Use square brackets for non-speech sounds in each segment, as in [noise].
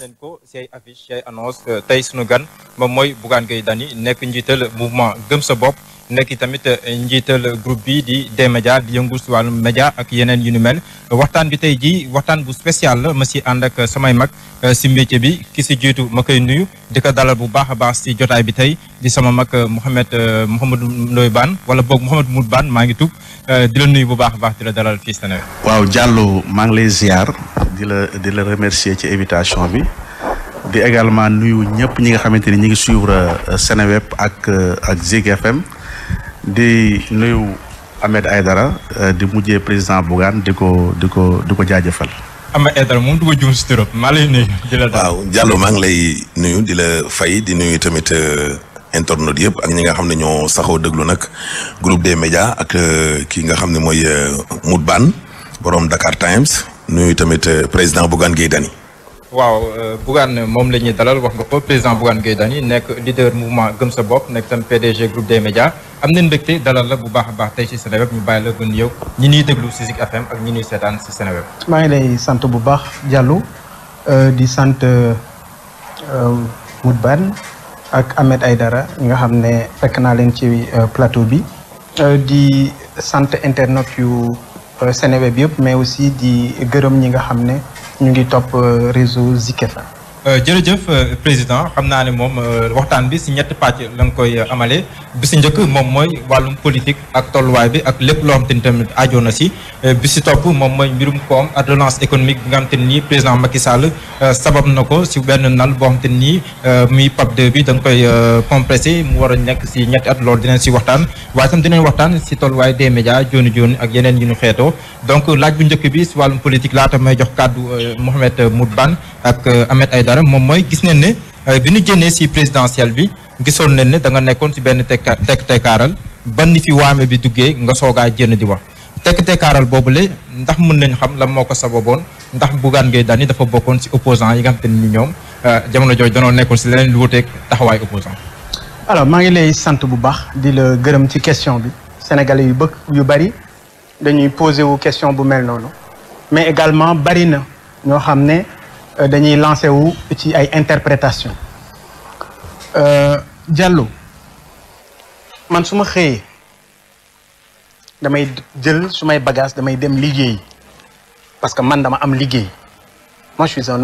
leen ko ci ay affiche ci ay annonce euh, tey sunu gan moom mooy Bougane Gueye Dany nekk njiital mouvement gëm sa bopp nekk tamit eh, njiital groupe bi di D-Media di yëngu si wàllum média ak yeneen yu ni mel waxtaan bi tey jii waxtaan bu spécial la ma si ànd ak eh, samay mag eh, si métier bi ki si jiitu ma koy nuyu di ko dalal bu baax a baax si jotaay bi tey di sama mag Mouhamed Mouhamadou Ndoye Bane wala boog Mouhamadou Moud Bane maa ngi tub di la nuyu bu baax a baax di la dalal fii Sénégal. waaw Diallo maa ngi lay ziar di la di la remercier ci invitation bi. di également nuyu ñëpp ñi nga xamante ni ñu ngi suivre Seneweb ak ak FM di nuyu Ahmed Aydara euh, di mujjee président Bougane di ko di ko di ko jaajëfal. Ahmed Aydara moom du ko juum si trop maa lay nuyu di la waaw Diallo lay nuyu di la fay di nuyu tamit. Euh, internet yëpp ak ñi nga xam ne ñoo saxoo déglu nag groupe des médias ak euh, ki nga xam ne mooy Mout Ban borom Dakar Times nuyu tamit président Bougane Gueye Dany waaw euh, Bougane moom la ñuy dalal wax nga ko président Bougane Gueye Dany nekk leader mouvement gëm sa bopp nekk tam PDG groupe de médias am nañ mbégte dalal la bu baax a baax tey ci Seneweb ñu bàyyi la gën yow ñu ñuy déglu ci Zik FM ak ñi ñuy seetaan ci Seneweb. maa ngi lay sant bu baax Diallo euh, di sant Moutbane euh, ak Ahmed Aydara nga xam ne fekk naa leen ci plateau bi di sant internet yu. Seneweb yëpp mais aussi di gërëm ñi nga xam ne ñu ngi topp euh, réseau Zik FM Euh, jërëjëf euh, président xam naa ne moom euh, waxtaan bi si ñetti pàcc la nga koy amale bi si njëkk moom mooy wàllum politique ak tolluwaay bi ak lépp loo xam te ni tamit ajoo na si bi si topp moom mooy mbirum koom ak économique bi nga xam nii président Macky Sall sabab na ko si benn nal boo xam te nii muy PAP 2 bi da nga koy compressé mu war a nekk si ñetti at loolu dinañ si waxtaan waaye tam dinañ waxtaan si tolluwaay des médias jooni jooni ak yeneen yu nu xeetoo donc laaj bu njëkk bi si wàllum politique laata may jox kàddu Mouhamed Moudbane ak euh, Ahmed Aïdara moom mooy gis nañ ni euh, bi ñu jënee si présidentielle bi gisoon ne da nga nekkoon ci benn tekka tekk tekkaaral ban fi waame bi duggee nga soogaa jënn di wax tekk tekkaaral boobule ndax mun nañ xam lan moo ko sababoon ndax Bougane Gueye Dany dafa bokkoon si opposant yi nga xam te ni ñoom euh, jamono jooju danoo nekkoon si leneen lu wuteeg taxawaay opposant alors maa ngi lay sant bu baax di la gërëm ci question bi sénégalais yu bëgg yu bari dañuy posé wu question bu mel noonu mais ne Euh, dañuy lancé wu ci ay interprétation euh, Diallo man suma xëyee damay jël sumay may bagage damay dem liggéey parce que man dama am liggéey moi je suis un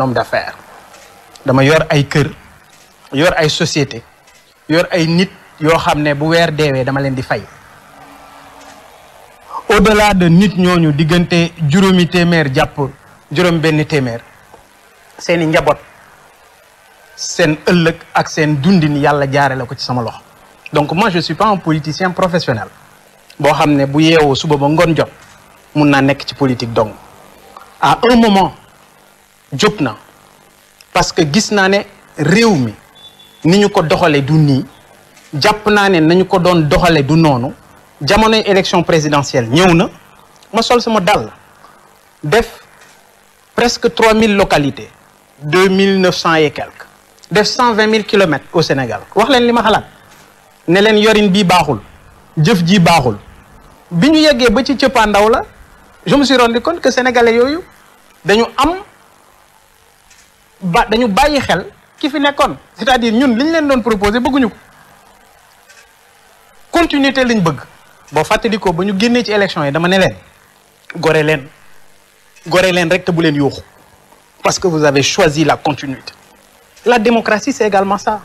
dama yor ay kër yor ay société yor ay nit yoo xam ne bu weer deewee dama leen di fay au-delà nit ñooñu diggante juróomi téeméer jàpp juróom benn téeméer seeni njaboot seen ëllëg ak seen dundin yàlla jaare la ko ci sama loxo donc moi je suis pas un politicien professionnel boo xam ne bu yeewoo suba ba ngoon jot mun naa nekk ci politique donc à un moment jóg na parce que gis naa ne réew mi ni ñu ko doxale du nii jàpp naa ne nañu ko doon doxale du noonu jamonoy élection présidentielle ñëw na ma sol sama dàll def presque mille localités deux mille neuf cent et quelques def cent vingt mille kilomètres au Sénégal wax leen li ma xalaat ne leen yorin bii baaxul jëf ji baaxul bi ñu yeggee ba ci cëppaandaw la je me suis rendu que sénégalais yooyu dañu am ba dañu bàyyi xel ki fi nekkoon cest à ñun li leen doon proposé bëgguñu ko continuité liñ bëgg boo fàttalikoo ba ñu génnee ci élection yi dama ne leen gore leen gore leen rek te bu leen yuuxu parce que vous avez choisi la continuité. La démocratie, c'est également ça.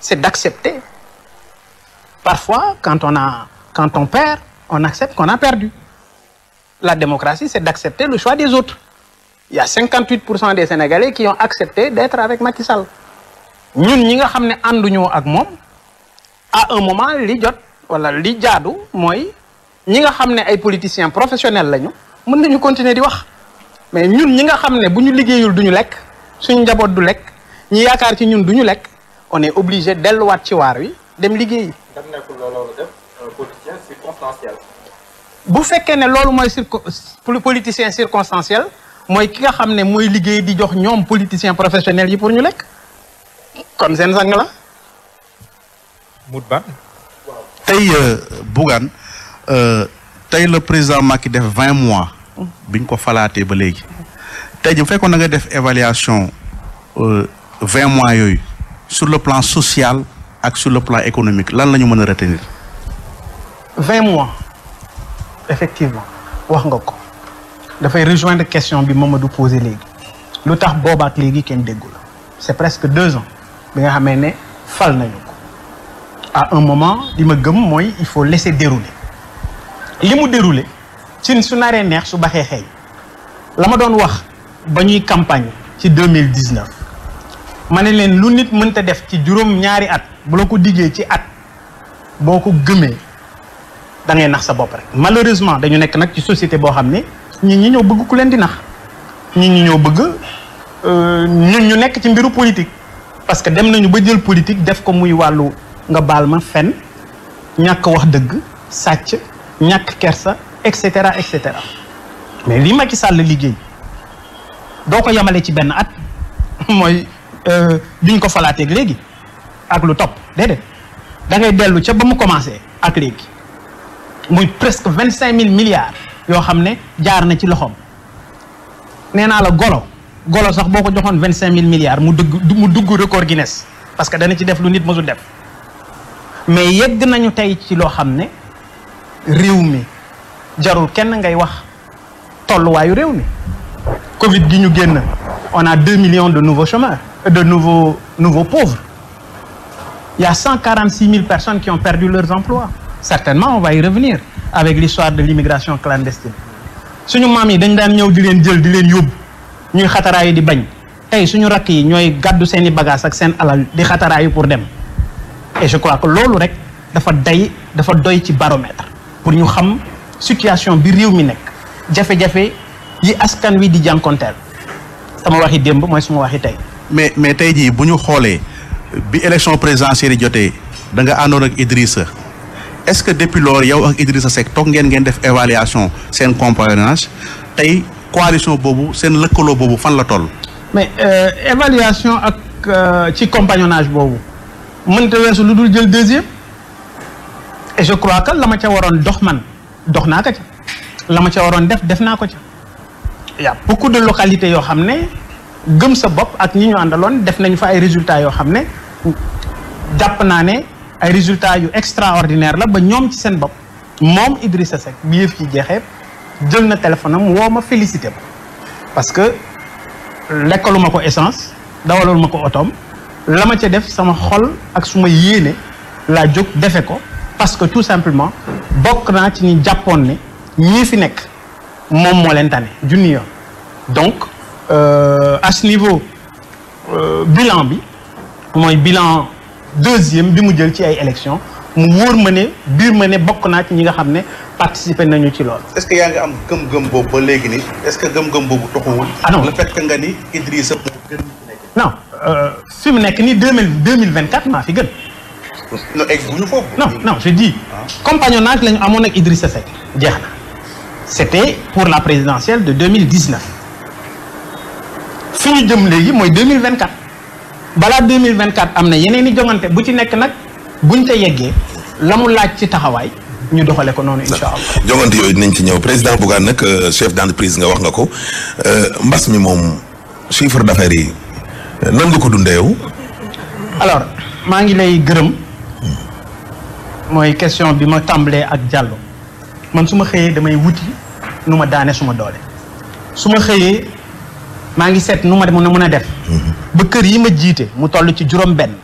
C'est d'accepter. Parfois, quand on, a, quand on perd, on accepte qu'on a perdu. La démocratie, c'est d'accepter le choix des autres. Il y a 58% des Sénégalais qui ont accepté d'être avec nga xam ne nous ak que à un moment, li jot wala li jaadu mooy ñi nga xam ne ay politiciens professionnels lañu mën nañu continuer di wax mais ñun ñi nga xam ne bu ñu liggéeyul duñu lekk suñu njaboot du lekk ñi yaakaar ci ñun duñu lekk on est obligé delluwaat ci waar wi dem liggéeyi. Euh, bu fekkee ne loolu mooy circo politicien circonstanciel mooy ki nga xam ne mooy liggéey di jox ñoom politicien professionnel yi pour ñu lekk kon seen sang la. Mout Ba. tey euh, Bougane euh, tey le président Macky def vingt mois. bi biñ ko falaatee ba léegi te jii fekkoon na nga def évaluation euh, vingt mois yooyu sur le plan social ak sur le plan économique lan la ñu mën a retenir. vingt mois effectivement wax nga ko dafay rejoindre question bi Mamadou posé léegi lu tax boobaak léegi kenn déggu la c'est presque deux ans bi nga xamee ne fal nañu ko à un moment li ma gëm mooy il faut laisser dérouler li mu dérouler. cin su naree neex su baxee xeeñ la ma doon wax ba ñuy campagne ci deux mille dix neuf ma ne leen lu nit mënte def ci juróom-ñaari at bu la ko diggee ci at boo ko gëmee da ngay nax sa boppa rek malheureusement dañu nekk nag ci société boo xam ne ñit ñi ñoo bëgg ku leen di nax ñit ñi ñoo bëgg euh, ñun ñu nekk ci mbiru politique parce que dem nañu ba jël politique def ko muy wàllu nga baal ma fen ñàkk wax dëgg sàcc ñàkk kersa et cetera et cetera mais li Macky Sall liggéey doo ko yemale ci benn at [laughs] mooy euh, duñ ko falaateeg léegi ak lu topp déedéet da ngay dellu ca ba mu commencé ak léegi muy presque vingt cinq mille milliards yoo xam ne jaar na ci loxoom nee naa la golo golo sax boo ko joxoon vingt cinq mille milliards mu dugg mu dugg record Guinness parce que dana ci def lu nit mësul def mais yëgg nañu tey ci loo xam ne réew mi. jarul kenn ngay wax tolluwaayu réew mi Covid gi ñu génn on a deux millions de nouveaux chômeurs euh, de nouveaux nouveaux pauvres cent quarante six mille personnes qui ont perdu leurs emplois certainement on va y revenir avec l'histoire de l'immigration clandestine suñu maam yi dañ daan ñëw di leen jël di leen yóbbu ñuy xataraayu di bañ tey suñu rakk yi ñooy gàddu seen i bagages ak seen alal di xataraayu pour dem et je crois que loolu rek dafa day dafa doy ci baromètre pour ñu xam situation bi réew mi nekk jafe-jafe yi askan wi di jànkonteel sama waxi démb mooy suma waxi tey. mais mais tey jii bu ñu xoolee bi élection présidentielle yi jotee da nga àndoon ak Idrissa est-ce que depuis loolu yow ak Idrissa Seck ngeen ngeen def évaluation seen compagnonnage tey coalition boobu seen lëkkaloo boobu fan la toll. mais euh, évaluation ak euh, ci compagnonnage boobu mënta weesu lu dul jël deuxième et je que la ma ca waroon dox man. dox naa ko ca la ma ca waroon def def naa ko ca y a beaucoup de localités yoo xam ne gëm sa bopp ak ñu àndaloon def nañ fa ay résultats yoo xam ne jàpp naa ne ay résultats yu extraordinaire la ba ñoom ci seen bopp moom sa Seck bi yëf ci jeexee jël na téléphone am woo ma félicité ma parce que lekkaluma ko essence dawalul ma ko otoom la ma ca def sama xol ak suma yéene laa jóg defe ko parce que tout simplement bokk naa ci ni jàppoon ne ñii fi nekk moom moo leen tane junni donc euh, à ce niveau euh, bilan bi mooy bilan deuxième bi mu jël ci ay élections mu wóor ma ne biir ma ne bokk naa ci ñi nga xam ne participer nañu ci loolu. est-ce que yaa ngi am gëm-gëm boobu ba léegi nii est-ce que gëm-gëm boobu toxuwul. ah non le fait nga ni Idrissa. non euh, fi mu nekk nii deux mille deux mille maa fi gën. non egguñu foofu. non non je dis. Ah. compagnonnage la ñu amoon ak Idrissa Seck jeex na. c'était pour la présidentielle de 2019 fi ñu jëm léegi mooy 2024 balaa 2024 am na yeneen i jongante bu ci nekk nag buñ ca yeggee la mu laaj ci taxawaay ñu doxale ko noonu incha allah. jongante yooyu dinañ ci ñëw président Bougane nag euh, chef d'entreprise nga wax nga ko euh, mbas mi moom chiffre d'affaires yi euh, nan nga ko dundee yow. alors maa ngi lay gërëm. mooy question bi ma tàmbalee ak Diallo man su ma xëyee damay wuti nu ma daane suma doole su ma xëyee maa ngi seet nu ma mën a mën a def mhm. ba kër yi ma jiite mu toll ci juróom benn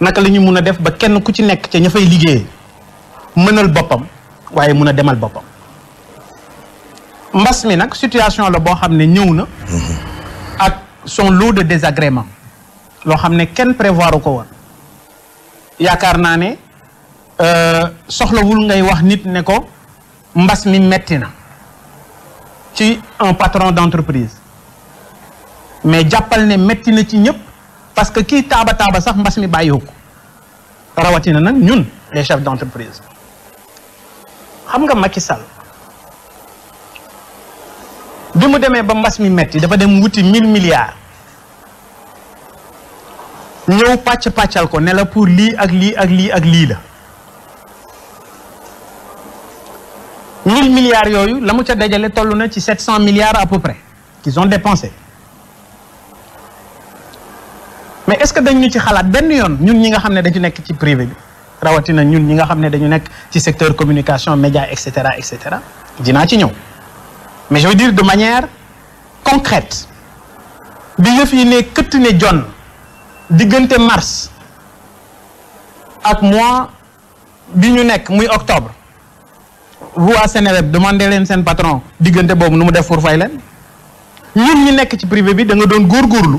naka lañuy mun a def ba kenn ku ci nekk ca ña fay liggéeyee mënal boppam waaye mun a demal boppam mbas mi nag situation la boo xam ne ñëw na mhm. ak son lot de désagrément loo xam ne kenn prévoir ko woon yaakaar naa ne Euh, soxlawul ngay wax nit ne ko mbas mi metti na ci un patron d'entreprise mais jàppal ne metti na ci ñëpp parce que kii taaba taaba sax mbas mi bàyyiwu ko rawatina nag ñun les chefs d'entreprise xam nga Macky Sall bi mu demee ba mbas mi metti dafa dem wuti mille milliards ñëw pàcc pàccal ko ne la pour lii ak lii ak lii ak lii la mille milliards yooyu la mu ca dajale toll na ci sept cent milliards à peu près qu'ils ont dépensé mais est-ce que dañ ñu ci xalaat benn yoon ñun ñi nga xam ne dañu nekk ci privé bi rawatina ñun ñi nga xam ne dañu nekk ci secteur communication média et cetera et cetera dinaa ci ñëw mais je veux dire de manière concrète bi yëf yi ne këtt ne jon diggante mars ak mois bi ñu nekk muy octobre vous waa Seneweb demandé leen seen patron diggante boobu nu mu def pour fay leen ñun ñi nekk ci privé bi da nga góor góorlu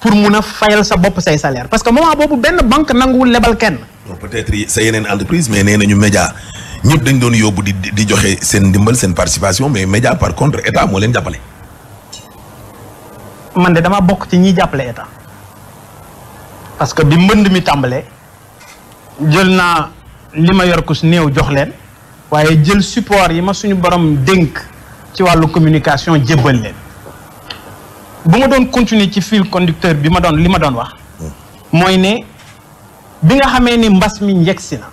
pour mun a fayal sa bopp say salaire parce que moment boobu benn banque nanguwul lebal kenn. peut-être sa yeneen entreprise mais nee ñu média ñëpp dañ doon yóbbu di di joxe seen ndimbal seen participation mais média par contre état moo leen jàppale. man de dama bokk ci ñiy jàppale état parce que bi mbënd mi tàmbalee jël naa li ma yor ku si néew jox leen. waaye jël support yi ma suñu borom dénk ci wàllu communication jébbal leen bu ma doon continuer ci fil conducteur bi ma doon li ma doon wax mooy ne bi nga xamee ni mbas mi yegsi na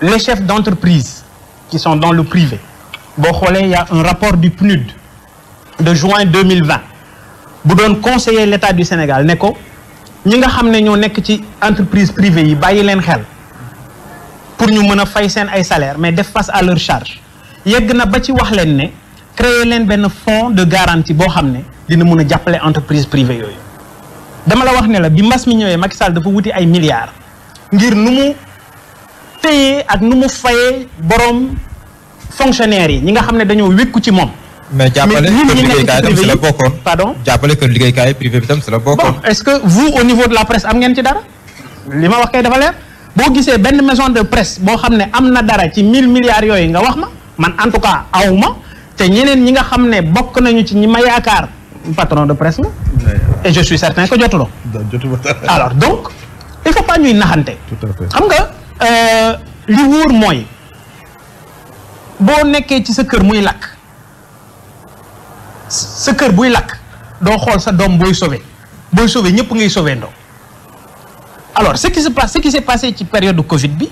les chefs d'entreprise qui son dans le privé boo xoolee y a un rapport du PNUD de juin 2020 bu doon conseiller l'État du Sénégal ne ko ñi nga xam ne ñoo nekk ci entreprise privée yi bàyyi leen xel pour ñu mën a fay seen ay salaire mais def face à leur charge yegg na ba ci wax leen ne créer leen benn fonds de garantie boo xam ne dina mën a jàppale entreprise privée yooyu dama la wax ne la bi mbas mi ñëwee Macky Sall dafa wuti ay milliards ngir nu mu téyee ak nu mu fayee boroom fonctionnaires yi ñi nga xam ne dañoo wékku ci moom mais jàppale kër liggéeykaay tam si la bokkoon pardon jàppale kër liggéeykaay privé bi tam si la bokkoon est-ce que vous au niveau de la presse am ngeen ci dara li ma wax boo gisee benn maison de presse boo xam ne am na dara ci mille milliards yooyu nga wax ma man en tout cas aw ma te ñeneen ñi nga xam ne bokk nañu ci ñi ma yaakaar patron de presse la et je suis certain que jotuloo alors donc il faut pas ñuy naxante xam nga euh, li wóor mooy boo nekkee ci sa kër muy lakk sa kër buy lakk doo xool sa doom booy sauver booy sauver ñëpp ngay sauver ndoo alors ce qui se passe ce qui s'est passé ci période Covid bi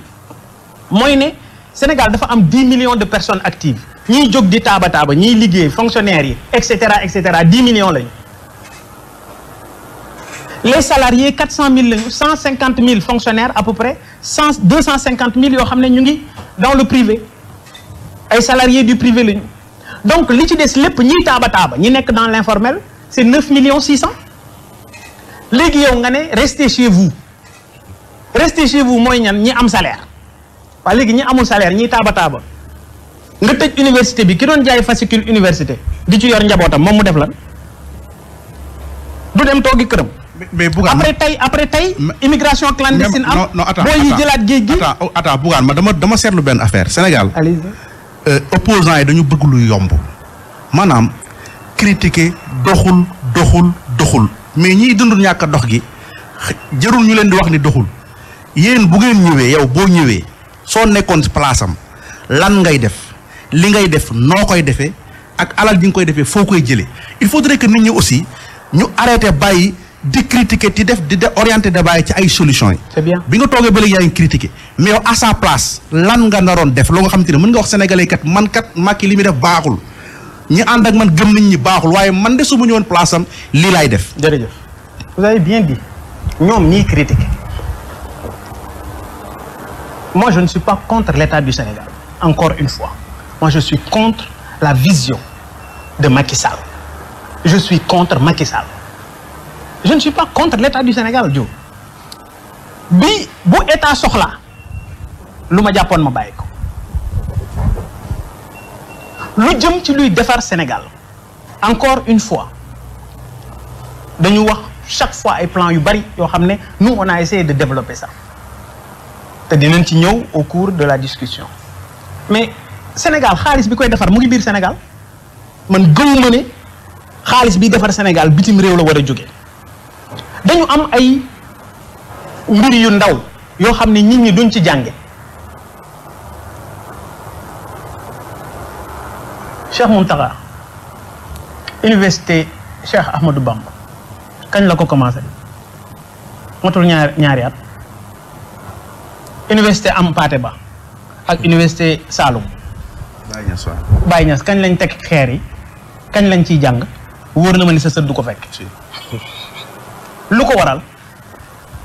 mooy ne Sénégal dafa am 10 millions de personnes actives ñiy jóg di taaba taaba ñiy liggéey fonctionnaires yi et cetera et cetera 10 millions lañu les salariés 400000 lañu 150000 fonctionnaires à peu près 100 250000 yoo xam ne ñu ngi dans le privé ay salariés du privé lañu donc li ci des lépp ñiy taaba taaba ñi nekk dans l'informel c'est 9 millions 600 léegi yow nga ne restez chez vous. restez chez vous mooy ñan ñi am salaire waaye léegi ñi amul salaire ñi taaba taaba nga tëj université bi ki doon jaay fascicule université di ci yor njabootam moom mu def lan du dem toogi këram. mais Bougane après tey après tey. immigration clandestine am. non non attends boo yi jëlaat géej gi. attends oh, attends ma dama dama seetlu benn affaire Sénégal. Euh, opposants yi dañu bëgg lu yomb maanaam critiquer doxul doxul doxul mais ñiy dund ñàkk dox gi jërul ñu leen di wax ni doxul. yéen bu ngeen ñëwee yow boo ñëwee soo nekkoon place am lan ngay def li ngay def noo koy defee ak alal ji nga koy defee foo koy jëlee il faudrait que nit ñi aussi ñu arrêté bàyyi di critiquer di def di de orienté débat ci ay solution yi. bi nga toogee ba léegi yaa ngi critiqué mais yow à sa place lan nga naroon def loo nga xam te ne mën nga wax sénégalais kat man kat Macky li muy def baaxul ñi ànd ak man gëm nañ ñi baaxul waaye man de suma ñëwoon place am lii laay def. jërëjëf vous avez bien dit ñoom ñiy critiqué. Moi, je ne suis pas contre l'État du Sénégal, encore une fois. Moi, je suis contre la vision de Macky Sall. Je suis contre Macky Sall. Je ne suis pas contre l'État du Sénégal, Dieu. bi bu état soxla lu ma jàppoon ma bàyyi ko lu jëm ci luy defar Sénégal encore une fois dañu wax chaque fois ay plan yu bari yoo xam ne nous on a essayé de développer ça te dinañ ci ñëw au cours de la discussion mais Sénégal xaalis bi koy defar mu ngi biir Sénégal man gëwuma ne xaalis bi defar Sénégal bitim réew la war a jóge dañu am ay mbir yu ndaw yoo xam ne nit ñi duñ ci jànge Cheikh Mountakha université Cheikh Ahmadou Bamba kañ la ko commencé matul ñaar ñaari at université am paate ba ak université Saloum. Baye Niass waaw. Baye kañ lañ teg xeer yi kañ lañ ciy jàng wër na ma ni sa sët du ko fekk. lu ko waral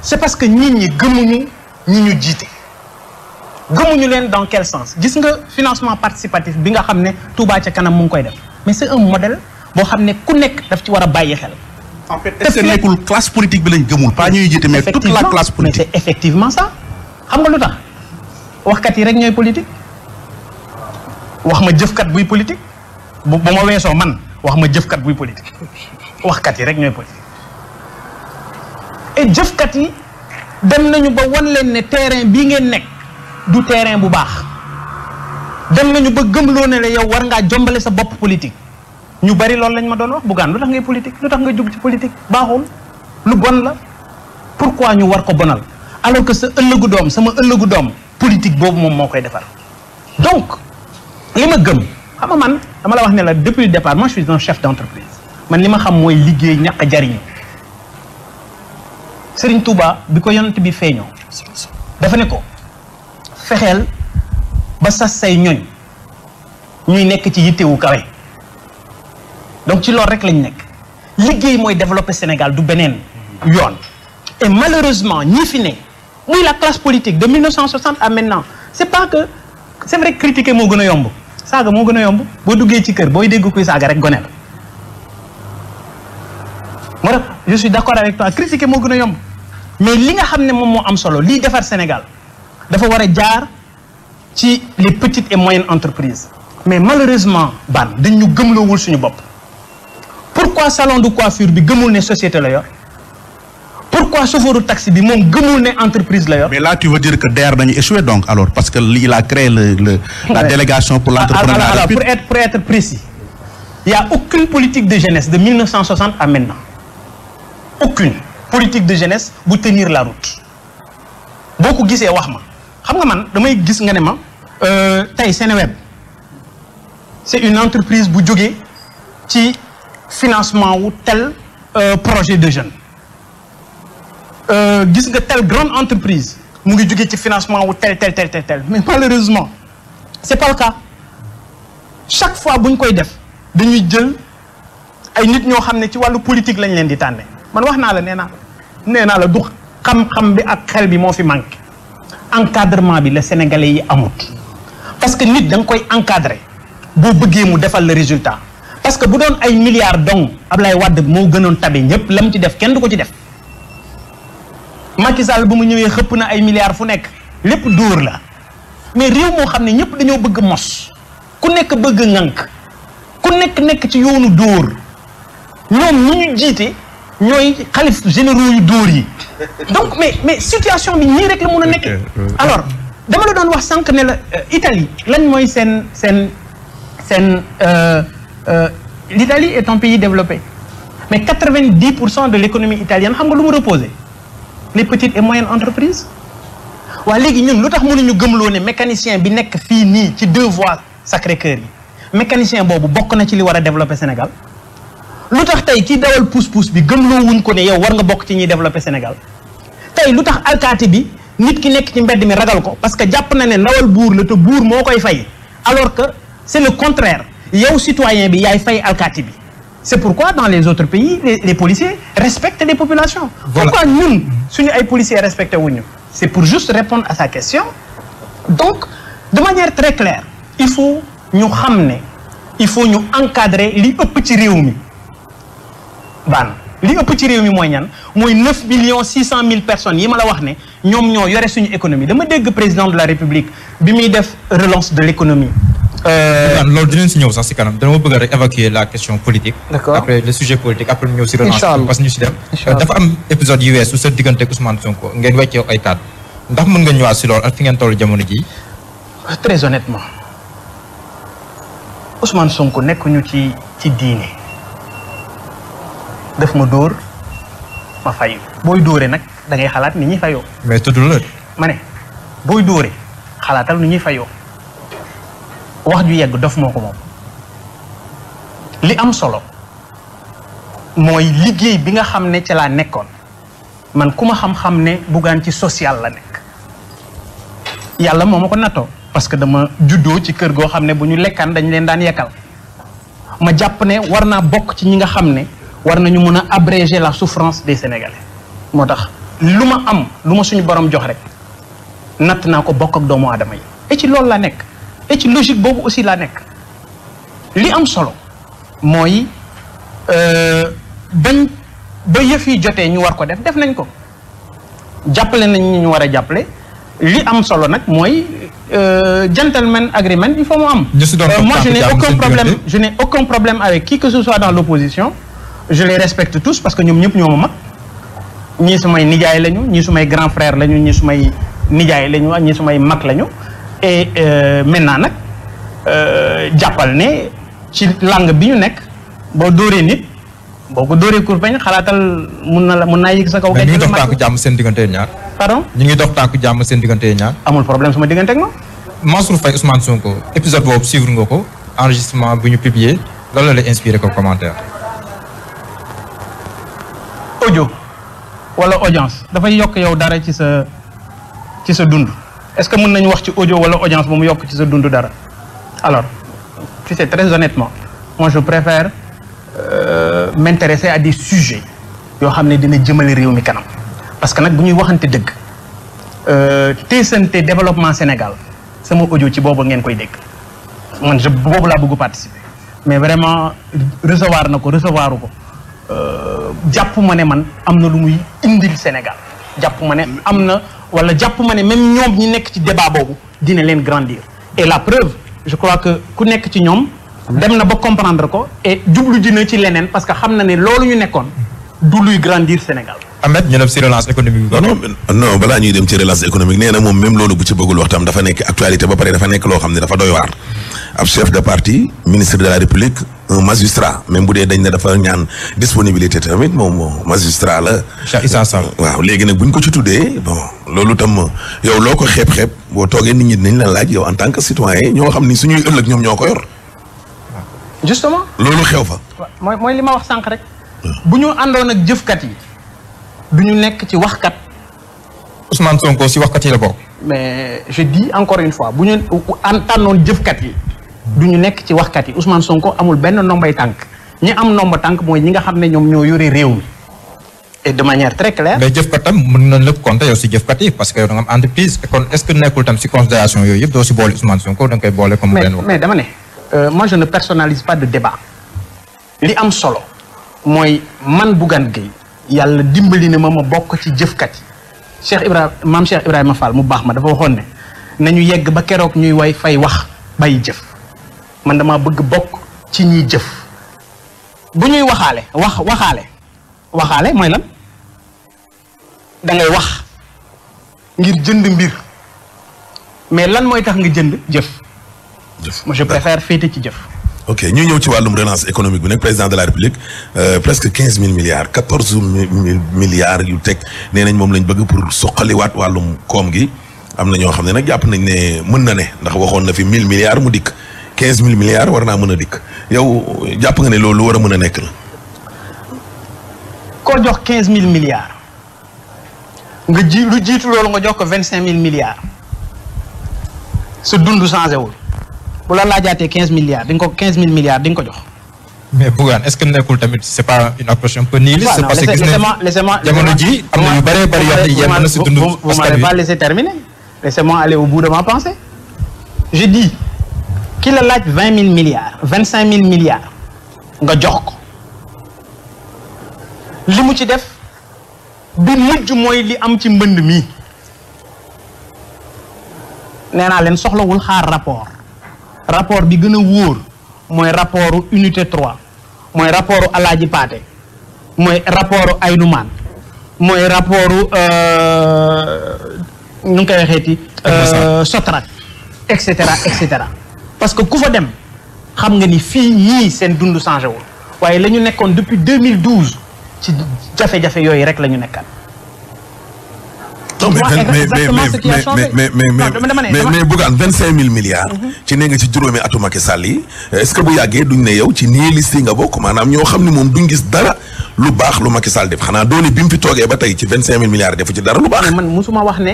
c'est parce que nit ñi gëmuñu ñi ñu jiite. gëmuñu leen dans quel sens gis nga financement participatif bi nga xam ne Touba ca kanam mu ngi koy def mais c'est un modèle boo xam ne ku nekk daf ci war a bàyyi xel. en fait est nekkul classe politique bi lañ gëmul. pas ñuy jiite mais toute la classe politique mais c'est effectivement ça. xam nga lu tax waxkat yi rek ñooy politique wax ma jëfkat buy politique bu bu ma weesoo man wax ma jëfkat buy politique waxkat yi rek ñooy politique et jëfkat yi dem nañu ba wan leen ne terrain bii ngeen nekk du terrain bu baax dem nañu ba gëmloo ne la yow war ngaa jombale sa bopp politique ñu bari loolu lañ ma doon wax Bougane lu tax ngay politique lu tax nga jóg ci politique baaxul lu bon la pourquoi ñu war ko bonal alors que sa ëllëgu doom sama ëllëgu doom politique boobu moom moo koy defar donc li ma gëm xam nga man dama la wax ne la depuis le départ moi je suis un chef d'entreprise man li ma xam mooy liggéey ñàkk a jariñu Serigne Touba bi ko yonent bi feeñoo dafa ne ko fexeel ba sas say ñoñ ñuy nekk ci yittewu kawe donc ci loolu rek lañ nekk liggéey mooy développer Sénégal du beneen yoon et malheureusement ñi fi ne muy la classe politique de 1960 à maintenant c' est pas que c' est vrai critiquer moo gën a yomb saaga moo gën a yomb boo duggee ci kër booy dégg kuy saaga rek gone la moo tax je suis d' accord rek toi critiquer moo gën a yomb mais li nga xam ne moom moo am solo lii defar Sénégal dafa war a jaar ci les petites et moyennes entreprises mais malheureusement ban dañ ñu gëmloowul suñu bopp pourquoi salon de coiffure bi gëmul ne société la yor pourquoi chauffeur taxi bi moom gëmul ne entreprise la yor. mais là tu veux dire que DER dañu échoué donc alors parce que il a créé le, le la délégation pour ah, ah, l'entrepreneuriat. alors pour être pour être précis il aucune politique de jeunesse de 1960 à maintenant aucune politique de jeunesse bu tenir la route boo ko gisee wax ma xam nga man damay gis nga ne ma euh, tey Seneweb c'est une entreprise bu jógee ci financement wu tel euh, projet de jeunes. Euh, gis nga telle grande entreprise mu ngi jógee ci financement wu tel tel tel tel mais malheureusement c'est pas cas chaque fois bu ñu koy def dañuy jël ay nit ñoo xam ne ci wàllu politique lañ leen di tànne man wax naa la nee naa nee naa la du xam-xam bi ak xel bi moo fi manqué encadrement bi la sénégalais yi amut parce que nit da nga koy encadrer boo bëggee mu defal la résultat parce que bu doon ay milliards dong Ablaye Wade moo gënoon tabe ñëpp lam ci def kenn du ko ci def Macky Sall bu ñëwee xëpp na ay milliards fu nekk lépp dóor la mais réew moo xam ne ñëpp dañoo bëgg mos ku nekk bëgg ŋànk ku nekk nekk ci yoonu dóor ñoom ñu ñu jiite ñooy xalif généraux yu dóor yi donc mais mais situation bi ñii rek la mun a nekk euh, euh. alors dama la doon wax sànq ne la euh, Italie lan mooy seen seen seen l'Italie est un pays développé mais quatre-vingt-dix pour cent de l'économie italienne xam nga lu mu reposé les petites et moyennes entreprises waa léegi ñun lu tax mënuñu gëmloo ne mécanicien bi nekk fii nii ci deux voies Sacré-Cœur yi mécanicien boobu bokk na ci li war a développer Sénégal lu tax tey kii dawal pousse-pousse bi gëmloo wuñ ko ne yow war nga bokk ci ñuy développer Sénégal tey lu tax alkaati bi nit ki nekk ci mbedd mi ragal ko parce que jàpp na ne ndawal buur la te buur moo koy fay alors que c'est le contraire yow citoyen bi yaay fay alkaati bi c'est pourquoi dans les autres pays les, les policiers respectent les populations voilà. pourquoi ñun suñu ay policiers respecté wuñu c'est pour juste répondre à sa question donc de manière très claire il faut ñu xam ne il faut ñu encadrer li ëpp ci réew mi baan li ëpp ci réew mi mooy ñan mooy 9 millions 600 mille personnes yi ma la wax ne ñoom ñoo yore suñu économie dama dégg président de la république bi def relance de l'économie Euh, loolu dinañ si ñëw sax si kanam dama bëgg a rek évacuer la question politique. d'accord après le sujet politique après ñu ñëw si relance parce que ñu si dem. dafa am épisode yu weesu sa diggante ak Ousmane Sonko ay kàddu ndax mën nga ñëwaat si loolu ak fi ngeen toll jamono ji nekkuñu ci ci diine daf ma dóor ma fayu booy dóoree nag da ngay xalaat ni ñuy fayoo. mais tudd la. ma ne booy dóoree xalaatal ni ñuy fayoo. wax ju yegg dof moo ko moom li am solo mooy liggéey bi nga xam ne ca laa nekkoon man ku ma xam-xam ne buggaan ci social la nekk yàlla moo ma ko nattoo parce que dama juddoo ci kër goo xam ne bu ñu lekkaan dañ leen daan yekkal ma jàpp ne war naa bokk ci ñi nga xam ne war nañu mën a abréger la souffrance de sénégalais moo tax lu ma am lu ma suñu boroom jox rek natt naa ko bokk ak doomu aadama yi et ci loolu laa nekk et ci logique boobu aussi laa nekk li am solo mooy euh, bañ ba yëf yi jotee ñu war ko def def nañ ko jàppale nañ ñu ñu war a jàppale li am solo nag mooy euh, gentleman agriment il faut mu am. Euh, moi je n'ai aucun problème je n'ai aucun problème avec qui que ce soit dans l'opposition je les respecte tous parce que ñoom ñëpp ñoo ma mag ñii sumay nijaay lañu ñii sumay grand frère lañu ñii sumay nijaay lañu ñii sumay mag lañu. et euh, maintenant nag euh, jàppal ne ci langue bi ñu nekk boo dóoree nit boo ko dóoree kurpeñ xalaatal mun na la mun naa yëg sa kaw. mais ñu ngi dox tànk jàmm seen diggante ñaar. pardon ñu ngi dox tànk jàmm seen diggante ñaar. amul problème sama diggante ak moom. Mansour Faye Ousmane Sonko épisode boobu suivre nga ko enregistrement bu ñu publier lan la lay ko comme commentaire. audio wala audience dafay yokk yow dara ci sa ci sa dund. est-ce que mën nañu wax ci audio wala audience ba mu yokk ci sa dund dara alors tu sais très honnêtement moi je préfère euh, m'intéresser à des sujets yoo xam ne dina jëmale réew mi kanam parce que nag bu ñuy waxante dëgg euh, teesante développement Sénégal sama audio ci boobu ngeen koy dégg man je boobu laa bëgg participer mais vraiment recevoir na ko recevoir ko euh, jàpp ma ne man am na lu muy indil Sénégal jàpp ma ne am na. wala jàpp ma ne même ñoom ñi nekk ci débat boobu dina leen grandir et la preuve je crois que ku nekk ci ñoom dem na ba comprendre ko et jublu dina ci leneen parce que xam na ne loolu ñu nekkoon du luy grandir Sénégal Ahmed ñu dem si relance économique bi. non non balaa ñuy dem ci relance moom même loolu bu ci bëggul wax tam dafa nekk actualité ba pare dafa nekk loo xam ne dafa de parti ministre de la république un magistrat même bu dee dañ ne dafa ñaan disponibilité tamit moom moom magistrat la. Cheikh Issa Sall. waaw léegi nag buñ ko ci tuddee bon loolu tam yow loo ko xeeb xeeb boo toogee nit ñi dinañ la laaj yow en tant que citoyen ñoo xam ni suñuy ëllëg ñoom ñoo ko yor. justement. loolu xew fa. mooy mooy li ma wax sànq rek. Ah. bu ñu àndoon ak jëfkat yi. du ñu nekk ci waxkat. Ousmane Sonko si waxkat yi la bokk. mais je dis encore une fois bu ñu an tànnoon jëfkat yi. du ñu nekk ci waxkat yi Ousmane Sonko amul benn ndombay tànk ñi am ndomba tànk mooy ñi nga xam ne ñoom ñoo yore réew mi. et de manière très claire. mais jëfkat tam mën nañ la compter yow si jëfkat yi parce que yow da kon est ce que nekkul tam si considération yooyu yëpp doo si boole Ousmane Sonko da nga koy boole comme. benn wax mais dama ne. Euh, moi je ne personnalise pas de débat. li am solo mooy man Bougane Gueye yàlla dimbali ne ma ma bokk ci jëfkat yi Cheikh Ibrahima maam Cheikh Ibrahima Fall mu baax ma dafa waxoon ne na nañu yegg ba keroog ñuy way fay wax bàyyi jëf man dama bëgg bokk ci ñuy jëf bu ñuy waxaale wax waxaale waxaale mooy lan dangay wax ngir jënd mbir mais lan mooy tax nga jënd jëf. jëf moi je préfère féete ci jëf. ok ñu ñëw ci wàllum relance économique bi nag président de la république euh, presque quinze mille milliards quatorze mille milliards yu teg nee nañ moom lañ bëgg pour soqaliwaat wàllum koom gi am na ñoo xam ne nag jàpp nañ ne mën na ne ndax waxoon na fi mille milliards mu dikk quinze mille milliards war na mën a dikk yow jàpp nga ne loolu war a mën a nekk la. jox quinze mille milliards nga ji lu jiitu loolu nga jox ko vingt cinq mille milliards su dund changé wul. bu la laajaatee quinze milliards di nga ko quinze mille milliards di nga ko jox. mais Bougane est-ce que nekkul tamit c'est pas une approche un peu nihiliste. waaw parce que gis nañu jamono ji am na yu bëree bëri yoo terminer laissez-moi aller au bout de ma pensée. je dis la laaj vingt mille milliards vingt cinq mille milliards nga jox ko li mu ci def bi mujj mooy li am ci mbënd mi nee naa leen soxlawul xaar rapport. rapport bi gën a wóor mooy rapportu unité 3 mooy rapportu alaaji paate mooy rapportu aynumaan mooy rapportu ñu euh, ngi koy waxeeti euh, sotrat et cetera et cetera parce que ku fa dem xam nga ni fii ñii seen dund changé wul waaye la ñu nekkoon depuis 2012 ci jafe-jafe yooyu rek la ñu nekkaat non mais mais mais mais mais Bougane vingt cinq mille milliards. Mhm. ci nee nga ci juróomi atu Macky Sall yi est-ce que bu yàggee duñ ne yow ci nii liste nga bokk maanaam ñoo xam ne moom duñ gis dara lu baax lu Macky Sall def xanaa doole bi mu fi toogee ba tey ci vingt cinq mille milliards defu ci dara lu baax. man musuma wax ne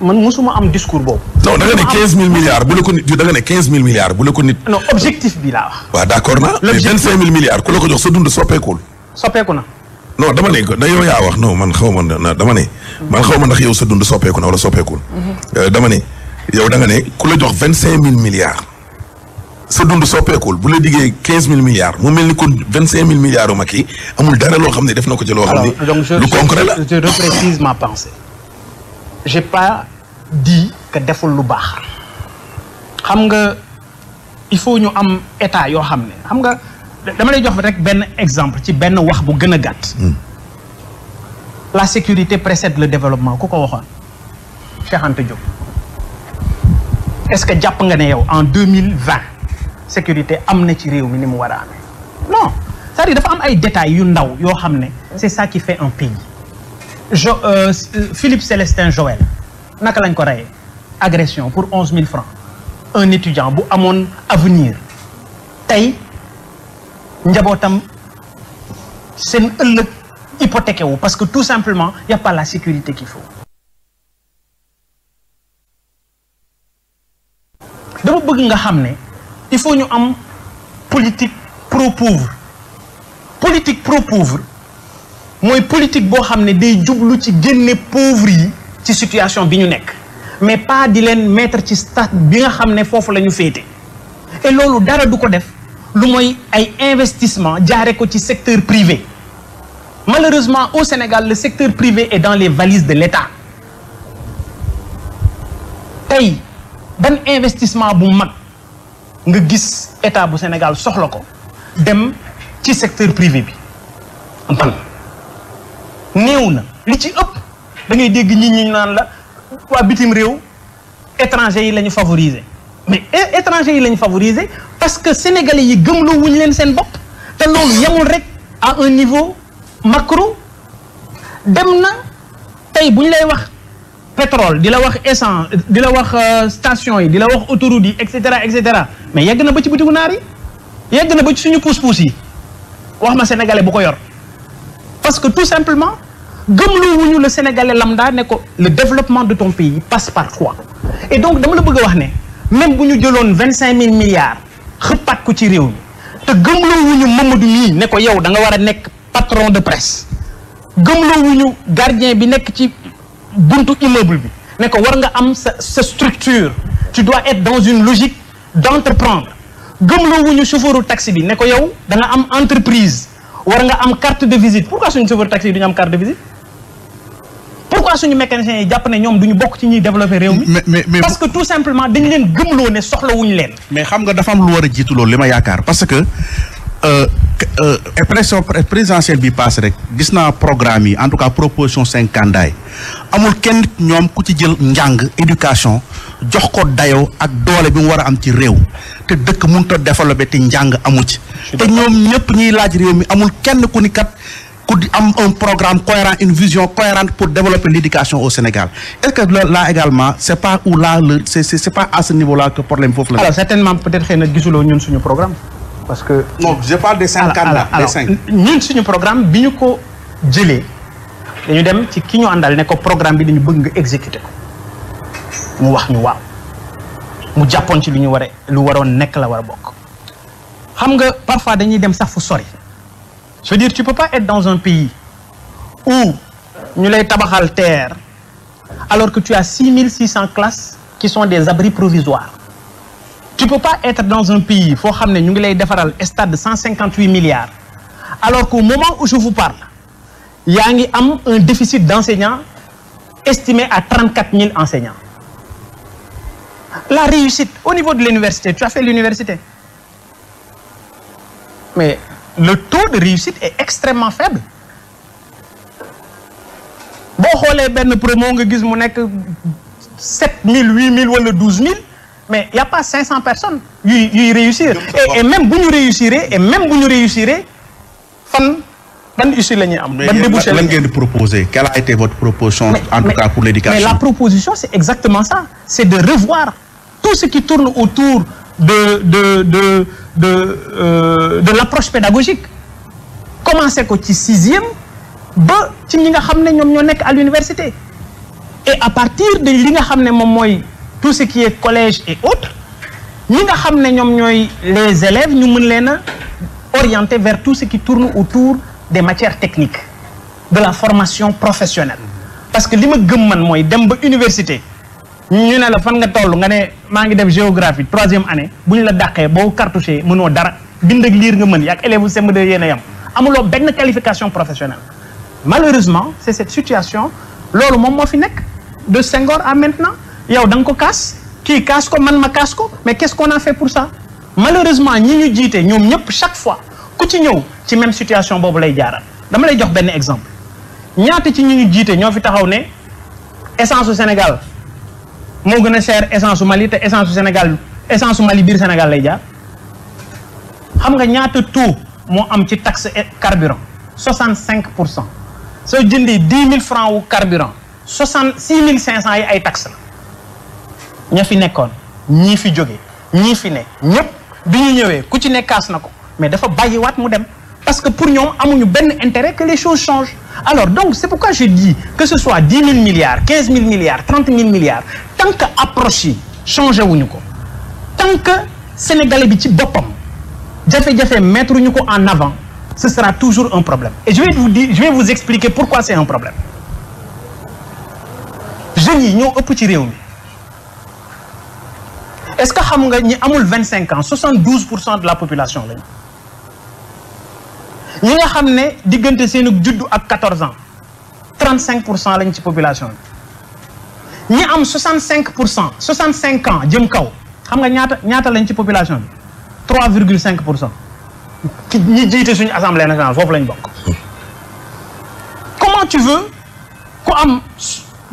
man musuma am discours boobu. non da nga ne quinze mille milliards bu la ko nit da nga ne quinze mille milliards bu la ko nit. non objectif bi laa wax. waaw d'accord na mais vingt cinq mille milliards ku la ko jox sa dund soppeekul. soppeeku na. non dama ne da yow yaa wax non man xaw ma dama ma ndax yow sa dund soppeeku na wala soppeekul. Euh, dama ne yow da ne ku la jox vingt cinq mille milliards. sa dund soppeekul bu la diggee quinze mille milliards mu mel ni kon vingt cinq mille milliards yu mag amul dara loo xam ne def na ko ci loo xam ne lu concret la je pas dit que deful lu baax. xam nga il faut ñu am état yoo xam ne xam nga. dama lay jox rek benn exemple ci benn wax bu gën a gàtt. la sécurité précède le développement ku ko waxoon. Cheikh Anta est-ce que jàpp nga ne yow en deux mille vingt sécurité am na ci réew mi ni mu war a amee non dafa am ay détails yu ndaw yoo xam ne c'est ça qui fait un pays. jo euh, euh Philippe Célestin Joël naka lañ ko rey agression pour onze mille francs un étudiant bu amoon avenir tey. njabootam seen ëllëg hypothéqué wu parce que tout simplement y sécurité ki faut. dama bëgg nga xam ne il faut ñu am politique pro-pauvre politique pro-pauvre mooy politique boo xam ne day jublu ci génne pauvre yi ci situation bi ñu nekk mais pas di leen mettre ci stade bi nga xam ne foofu la ñu féete et loolu dara du ko def. lu mooy ay investissement jaare ko ci secteur privé malheureusement au Sénégal le secteur privé et dans les valises de l'État tey ban investissement bu mag nga gis État bu Sénégal soxla ko dem ci secteur privé bi ban néew na li ci ëpp da dégg nit ñi naan la waa bitim réew étranger yi la favoriser mais étranger yi la ñu favoriser parce que sénégalais yi gëmloo ñu leen seen bopp te loolu yemul rek a un niveau macro dem na tey bu ñu lay wax pétrole di la wax essence di la wax euh, station yi di la wax autoroute yi et cetera et cetera mais yegg na ba ci bitigu naar yi yegg na ba ci suñu puus-puus yi wax ma sénégalais bu ko yor parce que tout simplement gëmloo wuñu le sénégalais lambda ne ko le développement de ton pays passe par toi et donc dama la bëgg wax ne même bu ñu jëloon vingt cinq mille milliards xëppaat ko ci réew mi te gëmloowuñu Mamadou mii ne ko yow da nga war a nekk patron de presse ñu gardien bi nekk ci buntu immeuble bi ne ko war nga am sa sa structure tu dois être dans une logique d'entreprendre ñu chauffeuru taxi bi ne ko yow danga am entreprise war nga am carte de visite pourquoi suñu chauffeur taxi du ñu am carte de visite pourquoi suñu mécaniciens yi jàpp ne ñoom duñu bokk ci ñuy développer réew mi parce que tout simplement dañu leen gëmloo ne soxlawuñu leen mais xam nga dafa am lu war a jiitu loolu li ma yaakaar parce que élection euh, euh, présidentielle bi paase rek gis naa programme yi en tout cas proposition cinq candidats yi amul kenn ñoom ku ci jël njàng éducation jox ko dayoo ak doole bi mu war a am ci réew te dëkk mënut a développé te njàng amu ci te ñoom ñëpp ñuy laaj réew mi amul kenn ku ku di am un programme cohérent une vision cohérente pour développer l'éducation au Sénégal est-ce que là également c'est pas où là c'est pas à niveau-là problème foofu la. alors certainement peut-être xëy na gisuloo ñun suñu programme. parce que non je parle des cinq ans là des cinq suñu programme bi ñu ko jëlee dañu dem ci ki ñu àndal ne ko programme bi dañu bëgg nga exécuter ko mu wax ñu waaw mu jàppoon ci lu ñu waree lu waroon nekk la war a bokk xam nga parfois dañuy dem sax fu sori. je veux dire tu peux pas être dans un pays où ñu lay tabaxal terre alors que tu as mille six cent classes qui sont des abris provisoires tu peux pas être dans un pays foo xam ne ñu ngi lay defaral stade de cent cinquante huit milliards alors qu'au moment où je vous parle yaa ngi am un déficit d'enseignants estimé à trente quatre mille enseignants la réussite au niveau de l'université tu as fait l'université mais le taux de réussite est extrêmement faible boo xoolee benn promo nga gis mu nekk sept mille huit mille wala douze mille mais y a pas cinq cent personnes yuy yuy réussir et même bu ñu réussir et même bu ñu réussir fan ban issue la ñuy am ban débouché la ngeen a été votre proposition en tout cas pour l'éducation mais la proposition c'est exactement ça c'est de revoir tout ce qui tourne autour de de de de euh, de l'approche pédagogique commencé ko ci sixième ba ci ñi nga xam ne ñoom ñoo nekk à l'université et à partir de li nga xam ne moom mooy tout ce qui est collège et autres ñi nga xam ne ñoom ñooy les élèves ñu mën leen a orienter vers tout ce qui tourne autour des matières techniques de la formation professionnelle parce que li ma gëm man mooy dem ba université ñu ne la fan nga toll nga ne maa ngi def géographie troisième année bu ñu la dàqee boo cartouché mënoo dara bind ak liir nga mën yi ak élèves bu semb de yéen a yam amuloo benn qualification professionnelle malheureusement c'est cette situation loolu moom moo fi nekk de Senghor à maintenant yow da nga ko kaas kii kaas ko man ma kaas ko mais qu'est-ce qu'on fait pour sa malheureusement ñi ñu jiite ñoom ñëpp chaque fois ku ci ñëw ci même situation boobu lay jaaral dama lay jox benn exemple ñaata ci ñi ñu jiite ñoo fi taxaw ne essence au Sénégal moo gën a cher essence su Mali te essence su Sénégal essence su Mali biir Sénégal lay jaar xam nga ñaata taux moo am ci taxe carburant 65 pour cent soo jëndee 10 000 francs wu carburant cinq cent yi ay tax la ña fi nekkoon ñii fi jóge ñii fi ne ñëpp bi ñu ñëwee ku ci ne kaas na ko mais dafa waat mu dem parce que pour ñoom amuñu benn intérêt que les choses changent alors donc c'est pourquoi je que ce soit 10 000 milliards 15 000 milliards 30 milliards tant que approche yi changé wuñu ko tant que sénégalais bi ci boppam jafe-jafe mettre ñu ko en avant ce sera toujours un problème et je vais vous dire je vais vous expliquer pourquoi c'est un problème jeunes yi ñoo ëpp ci réew mi est-ce que xam nga ñi amul vingt cinq ans soixante pour cent de la population lañu ñi nga xam ne diggante seen judd ak quatorze ans trente cinq pour cent lañ ci population bi ñu am 65 pour cent 65 ans jëm kaw xam nga ñaata ñaata lañ ci population bi 3 virgule 5 pour cent ñi suñu assemblée nationale foofu lañ bokk. comment tu ku am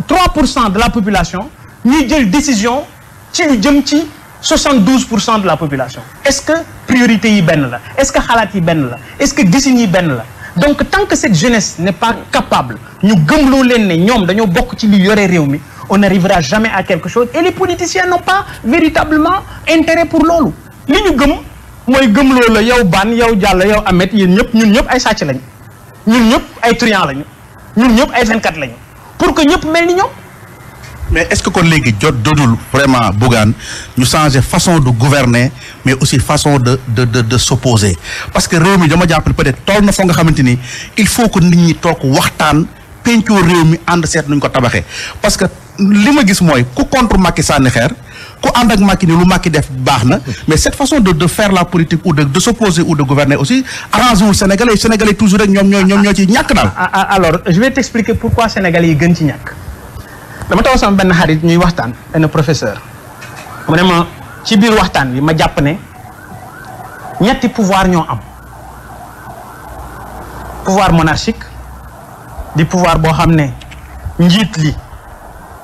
3 pour cent la population ñuy jël décision ci lu jëm ci 72 pour cent de la population est-ce que priorité yi benn la est-ce que xalaat yi benn la est-ce que gisin yi benn la. donc tan que cette jeunesse n'est pas capable ñu loo leen ne ñoom dañoo bokk ci li yore réew mi on n'arrivera jamais à quelque chose et les politiciens n'ont pas véritablement intérêt pour loolu li ñu gëm mooy gëm loolu la yow Bane yow Diallo yow Ahmed yéen ñëpp ñun ñëpp ay sàcc lañu ñun ñëpp ay truand lañu ñun ñëpp ay fenkat lañu pour que ñëpp mel ni ñoom. mais est-ce que kon léegi jot dodul vraiment Bougane ñu changer façon de gouverner mais aussi façon de de de de s'opposer parce que réew mi dama jàppale peut-être tool na foo nga xamante ni il faut que nit ñi toog waxtaan pencoo réew mi ànd seet nuñ ko tabaxee li ma gis mooy ku contre Macky sànni xeer ku ànd ak Macky ni lu Macky def baax na mais cette façon de de faire la politique ou de de s'opposer ou de gouverner aussi arrange wul Sénégalais Sénégalais toujours rek ñoom ñooy ñoom ñoo ci ñàkk daal. Ah, ah, ah, alors je vais t'expliquer pourquoi Sénégalais yi gën ci ñàkk. dama taw sama benn xarit ñuy waxtaan benn professeur mu ne ma ci biir waxtaan wi ma jàpp ne ñetti pouvoir ñoo am pouvoir monarchique di pouvoir boo xam ne njiit li.